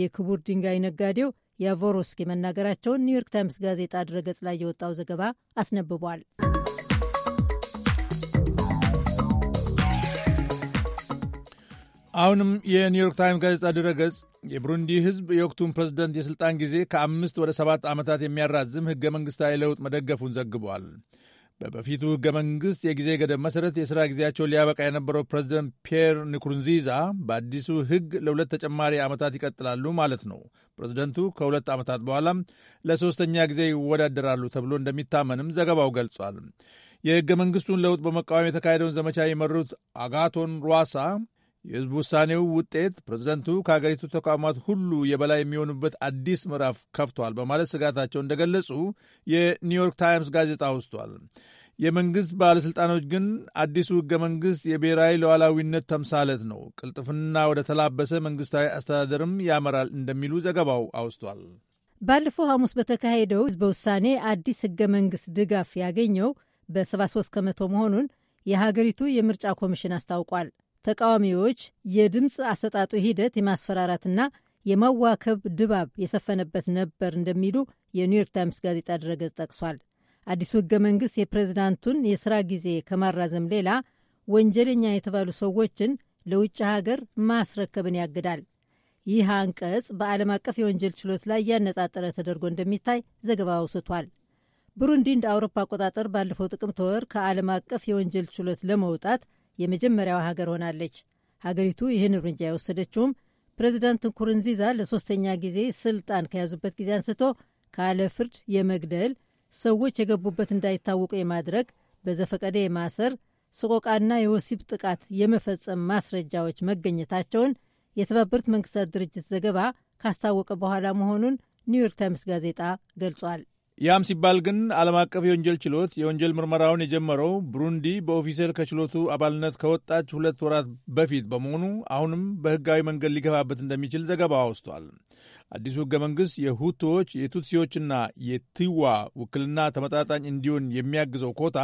የክቡር ድንጋይ ነጋዴው ያቮሮስኪ መናገራቸውን ኒውዮርክ ታይምስ ጋዜጣ ድረገጽ ላይ የወጣው ዘገባ አስነብቧል። አሁንም የኒውዮርክ ታይምስ ጋዜጣ ድረገጽ የብሩንዲ ሕዝብ የወቅቱን ፕሬዝደንት የሥልጣን ጊዜ ከአምስት ወደ ሰባት ዓመታት የሚያራዝም ሕገ መንግሥታዊ ለውጥ መደገፉን ዘግቧል። በበፊቱ ሕገ መንግሥት የጊዜ ገደብ መሠረት የሥራ ጊዜያቸውን ሊያበቃ የነበረው ፕሬዝደንት ፒየር ንኩሩንዚዛ በአዲሱ ሕግ ለሁለት ተጨማሪ ዓመታት ይቀጥላሉ ማለት ነው። ፕሬዝደንቱ ከሁለት ዓመታት በኋላም ለሦስተኛ ጊዜ ይወዳደራሉ ተብሎ እንደሚታመንም ዘገባው ገልጿል። የሕገ መንግሥቱን ለውጥ በመቃወም የተካሄደውን ዘመቻ የመሩት አጋቶን ሯሳ የሕዝብ ውሳኔው ውጤት ፕሬዝደንቱ ከአገሪቱ ተቋማት ሁሉ የበላይ የሚሆኑበት አዲስ ምዕራፍ ከፍቷል በማለት ስጋታቸው እንደገለጹ የኒውዮርክ ታይምስ ጋዜጣ አውስቷል። የመንግሥት ባለሥልጣኖች ግን አዲሱ ሕገ መንግሥት የብሔራዊ ሉዓላዊነት ተምሳሌት ነው፣ ቅልጥፍና ወደ ተላበሰ መንግሥታዊ አስተዳደርም ያመራል እንደሚሉ ዘገባው አውስቷል። ባለፈው ሐሙስ በተካሄደው ሕዝበ ውሳኔ አዲስ ሕገ መንግሥት ድጋፍ ያገኘው በ73 ከመቶ መሆኑን የሀገሪቱ የምርጫ ኮሚሽን አስታውቋል። ተቃዋሚዎች የድምፅ አሰጣጡ ሂደት የማስፈራራትና የማዋከብ ድባብ የሰፈነበት ነበር እንደሚሉ የኒውዮርክ ታይምስ ጋዜጣ ድረገጽ ጠቅሷል። አዲሱ ህገ መንግሥት የፕሬዝዳንቱን የሥራ ጊዜ ከማራዘም ሌላ ወንጀለኛ የተባሉ ሰዎችን ለውጭ ሀገር ማስረከብን ያግዳል። ይህ አንቀጽ በዓለም አቀፍ የወንጀል ችሎት ላይ ያነጣጠረ ተደርጎ እንደሚታይ ዘገባ አውስቷል። ብሩንዲ እንደ አውሮፓ አቆጣጠር ባለፈው ጥቅምት ወር ከዓለም አቀፍ የወንጀል ችሎት ለመውጣት የመጀመሪያዋ ሀገር ሆናለች። ሀገሪቱ ይህን እርምጃ የወሰደችውም ፕሬዚዳንት ንኩርንዚዛ ለሶስተኛ ጊዜ ስልጣን ከያዙበት ጊዜ አንስቶ ካለ ፍርድ የመግደል ሰዎች የገቡበት እንዳይታወቁ የማድረግ በዘፈቀደ የማሰር ስቆቃና የወሲብ ጥቃት የመፈጸም ማስረጃዎች መገኘታቸውን የተባበሩት መንግስታት ድርጅት ዘገባ ካስታወቀ በኋላ መሆኑን ኒውዮርክ ታይምስ ጋዜጣ ገልጿል። ያም ሲባል ግን ዓለም አቀፍ የወንጀል ችሎት የወንጀል ምርመራውን የጀመረው ብሩንዲ በኦፊሴል ከችሎቱ አባልነት ከወጣች ሁለት ወራት በፊት በመሆኑ አሁንም በሕጋዊ መንገድ ሊገፋበት እንደሚችል ዘገባ አውስቷል። አዲሱ ሕገ መንግሥት የሁቶዎች የቱትሲዎችና የቲዋ ውክልና ተመጣጣኝ እንዲሆን የሚያግዘው ኮታ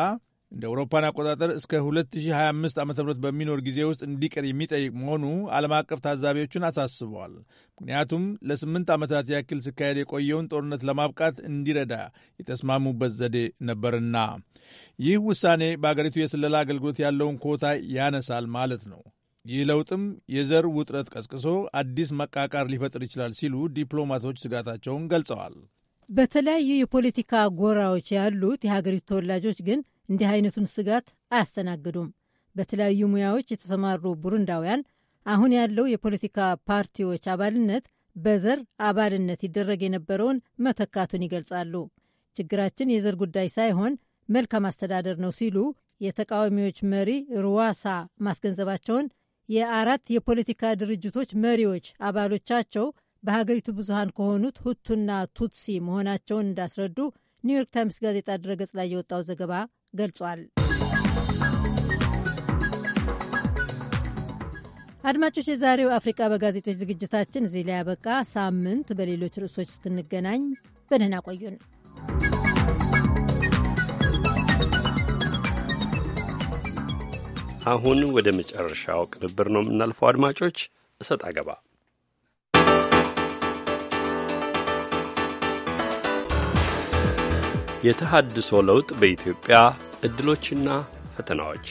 እንደ አውሮፓን አቆጣጠር እስከ 2025 ዓ ም በሚኖር ጊዜ ውስጥ እንዲቀር የሚጠይቅ መሆኑ ዓለም አቀፍ ታዛቢዎችን አሳስበዋል። ምክንያቱም ለስምንት ዓመታት ያክል ሲካሄድ የቆየውን ጦርነት ለማብቃት እንዲረዳ የተስማሙበት ዘዴ ነበርና ይህ ውሳኔ በአገሪቱ የስለላ አገልግሎት ያለውን ኮታ ያነሳል ማለት ነው። ይህ ለውጥም የዘር ውጥረት ቀስቅሶ አዲስ መቃቃር ሊፈጥር ይችላል ሲሉ ዲፕሎማቶች ስጋታቸውን ገልጸዋል። በተለያዩ የፖለቲካ ጎራዎች ያሉት የሀገሪቱ ተወላጆች ግን እንዲህ አይነቱን ስጋት አያስተናግዱም። በተለያዩ ሙያዎች የተሰማሩ ቡሩንዳውያን አሁን ያለው የፖለቲካ ፓርቲዎች አባልነት በዘር አባልነት ይደረግ የነበረውን መተካቱን ይገልጻሉ። ችግራችን የዘር ጉዳይ ሳይሆን መልካም አስተዳደር ነው ሲሉ የተቃዋሚዎች መሪ ሩዋሳ ማስገንዘባቸውን የአራት የፖለቲካ ድርጅቶች መሪዎች አባሎቻቸው በሀገሪቱ ብዙሀን ከሆኑት ሁቱና ቱትሲ መሆናቸውን እንዳስረዱ ኒውዮርክ ታይምስ ጋዜጣ ድረገጽ ላይ የወጣው ዘገባ ገልጿል። አድማጮች፣ የዛሬው አፍሪቃ በጋዜጦች ዝግጅታችን እዚህ ላይ ያበቃ። ሳምንት በሌሎች ርዕሶች እስክንገናኝ በደህና ቆዩን። አሁን ወደ መጨረሻው ቅንብር ነው የምናልፈው። አድማጮች፣ እሰጥ አገባ የተሃድሶ ለውጥ በኢትዮጵያ ዕድሎችና ፈተናዎች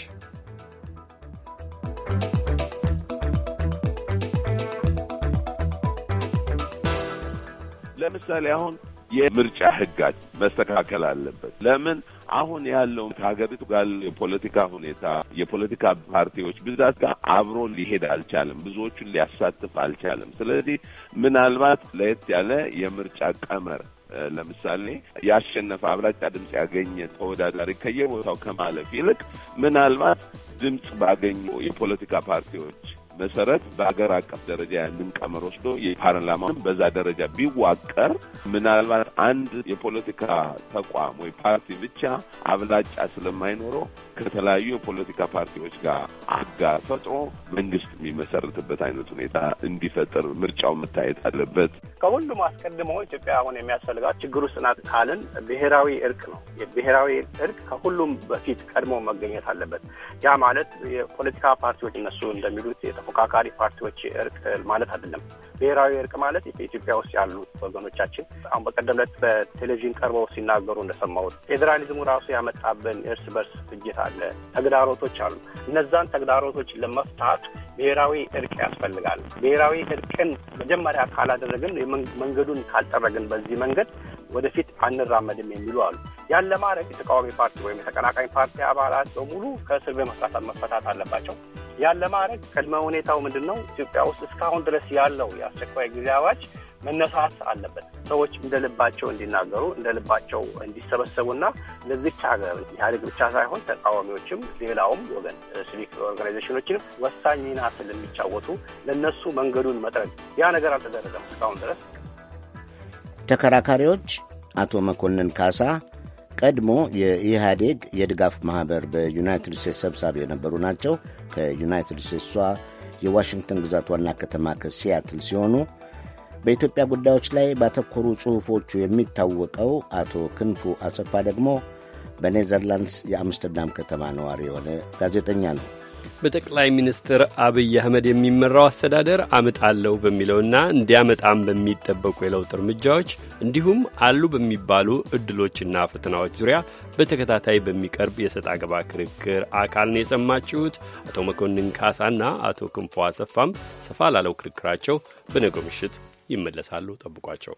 ለምሳሌ አሁን የምርጫ ሕጋት መስተካከል አለበት። ለምን አሁን ያለው ከሀገሪቱ ጋር የፖለቲካ ሁኔታ የፖለቲካ ፓርቲዎች ብዛት ጋር አብሮ ሊሄድ አልቻለም፣ ብዙዎቹን ሊያሳትፍ አልቻለም። ስለዚህ ምናልባት ለየት ያለ የምርጫ ቀመር ለምሳሌ ያሸነፈ አብላጫ ድምፅ ያገኘ ተወዳዳሪ ከየቦታው ከማለፍ ይልቅ ምናልባት ድምፅ ባገኙ የፖለቲካ ፓርቲዎች መሰረት በሀገር አቀፍ ደረጃ ያንን ቀመር ወስዶ የፓርላማውን በዛ ደረጃ ቢዋቀር ምናልባት አንድ የፖለቲካ ተቋም ወይ ፓርቲ ብቻ አብላጫ ስለማይኖረው ከተለያዩ የፖለቲካ ፓርቲዎች ጋር አጋር ፈጥሮ መንግስት የሚመሰርትበት አይነት ሁኔታ እንዲፈጥር ምርጫው መታየት አለበት። ከሁሉም አስቀድሞ ኢትዮጵያ አሁን የሚያስፈልጋት ችግር ውስጥ ናት ካልን ብሔራዊ እርቅ ነው። የብሔራዊ እርቅ ከሁሉም በፊት ቀድሞ መገኘት አለበት። ያ ማለት የፖለቲካ ፓርቲዎች እነሱ እንደሚሉት የተፎካካሪ ፓርቲዎች እርቅ ማለት አይደለም። ብሔራዊ እርቅ ማለት በኢትዮጵያ ውስጥ ያሉ ወገኖቻችን አሁን በቀደም ዕለት በቴሌቪዥን ቀርበው ሲናገሩ እንደሰማሁት ፌዴራሊዝሙ ራሱ ያመጣብን እርስ በርስ ፍጅት አለ፣ ተግዳሮቶች አሉ። እነዛን ተግዳሮቶች ለመፍታት ብሔራዊ እርቅ ያስፈልጋል። ብሔራዊ እርቅን መጀመሪያ ካላደረግን፣ መንገዱን ካልጠረግን በዚህ መንገድ ወደፊት አንራመድም የሚሉ አሉ። ያን ለማድረግ የተቃዋሚ ፓርቲ ወይም የተቀናቃኝ ፓርቲ አባላት በሙሉ ከእስር በመፍታት መፈታት አለባቸው። ያን ለማድረግ ቅድመ ሁኔታው ምንድን ነው? ኢትዮጵያ ውስጥ እስካሁን ድረስ ያለው የአስቸኳይ ጊዜ አዋጅ መነሳት አለበት። ሰዎች እንደ ልባቸው እንዲናገሩ እንደ ልባቸው እንዲሰበሰቡና ለዚች ሀገር ኢህአዴግ ብቻ ሳይሆን ተቃዋሚዎችም፣ ሌላውም ወገን ሲቪክ ኦርጋናይዜሽኖችንም ወሳኝ ሚና ስለሚጫወቱ ለእነሱ መንገዱን መጥረግ ያ ነገር አልተደረገም እስካሁን ድረስ። ተከራካሪዎች አቶ መኮንን ካሳ ቀድሞ የኢህአዴግ የድጋፍ ማኅበር በዩናይትድ ስቴትስ ሰብሳቢ የነበሩ ናቸው። ከዩናይትድ ስቴትሷ የዋሽንግተን ግዛት ዋና ከተማ ከሲያትል ሲሆኑ በኢትዮጵያ ጉዳዮች ላይ ባተኮሩ ጽሑፎቹ የሚታወቀው አቶ ክንፉ አሰፋ ደግሞ በኔዘርላንድስ የአምስተርዳም ከተማ ነዋሪ የሆነ ጋዜጠኛ ነው። በጠቅላይ ሚኒስትር አብይ አህመድ የሚመራው አስተዳደር አመጣለሁ በሚለውና እንዲያመጣም በሚጠበቁ የለውጥ እርምጃዎች እንዲሁም አሉ በሚባሉ እድሎችና ፈተናዎች ዙሪያ በተከታታይ በሚቀርብ የሰጥ አገባ ክርክር አካል ነው የሰማችሁት። አቶ መኮንን ካሳና አቶ ክንፎ አሰፋም ሰፋ ላለው ክርክራቸው በነገው ምሽት ይመለሳሉ። ጠብቋቸው።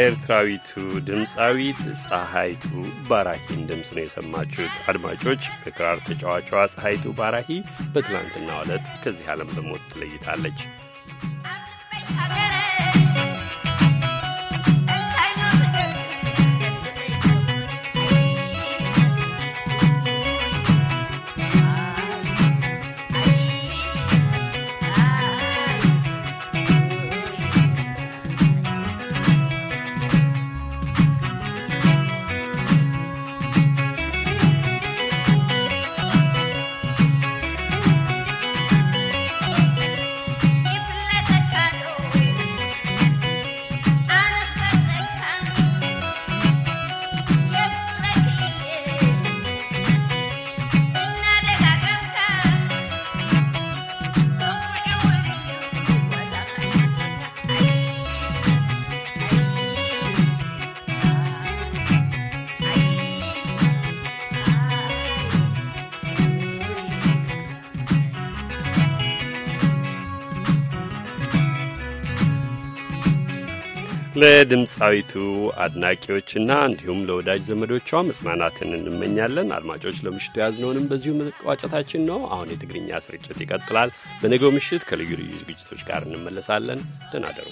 ኤርትራዊቱ ድምፃዊት ፀሐይቱ ባራኪን ድምፅ ነው የሰማችሁት። አድማጮች፣ በክራር ተጫዋቿ ፀሐይቱ ባራኪ በትላንትና ዕለት ከዚህ ዓለም በሞት ተለይታለች። ለድምፃዊቱ አድናቂዎችና እንዲሁም ለወዳጅ ዘመዶቿ መጽናናትን እንመኛለን። አድማጮች ለምሽቱ የያዝነውንም በዚሁ መቋጨታችን ነው። አሁን የትግርኛ ስርጭት ይቀጥላል። በነገው ምሽት ከልዩ ልዩ ዝግጅቶች ጋር እንመለሳለን። ደናደሩ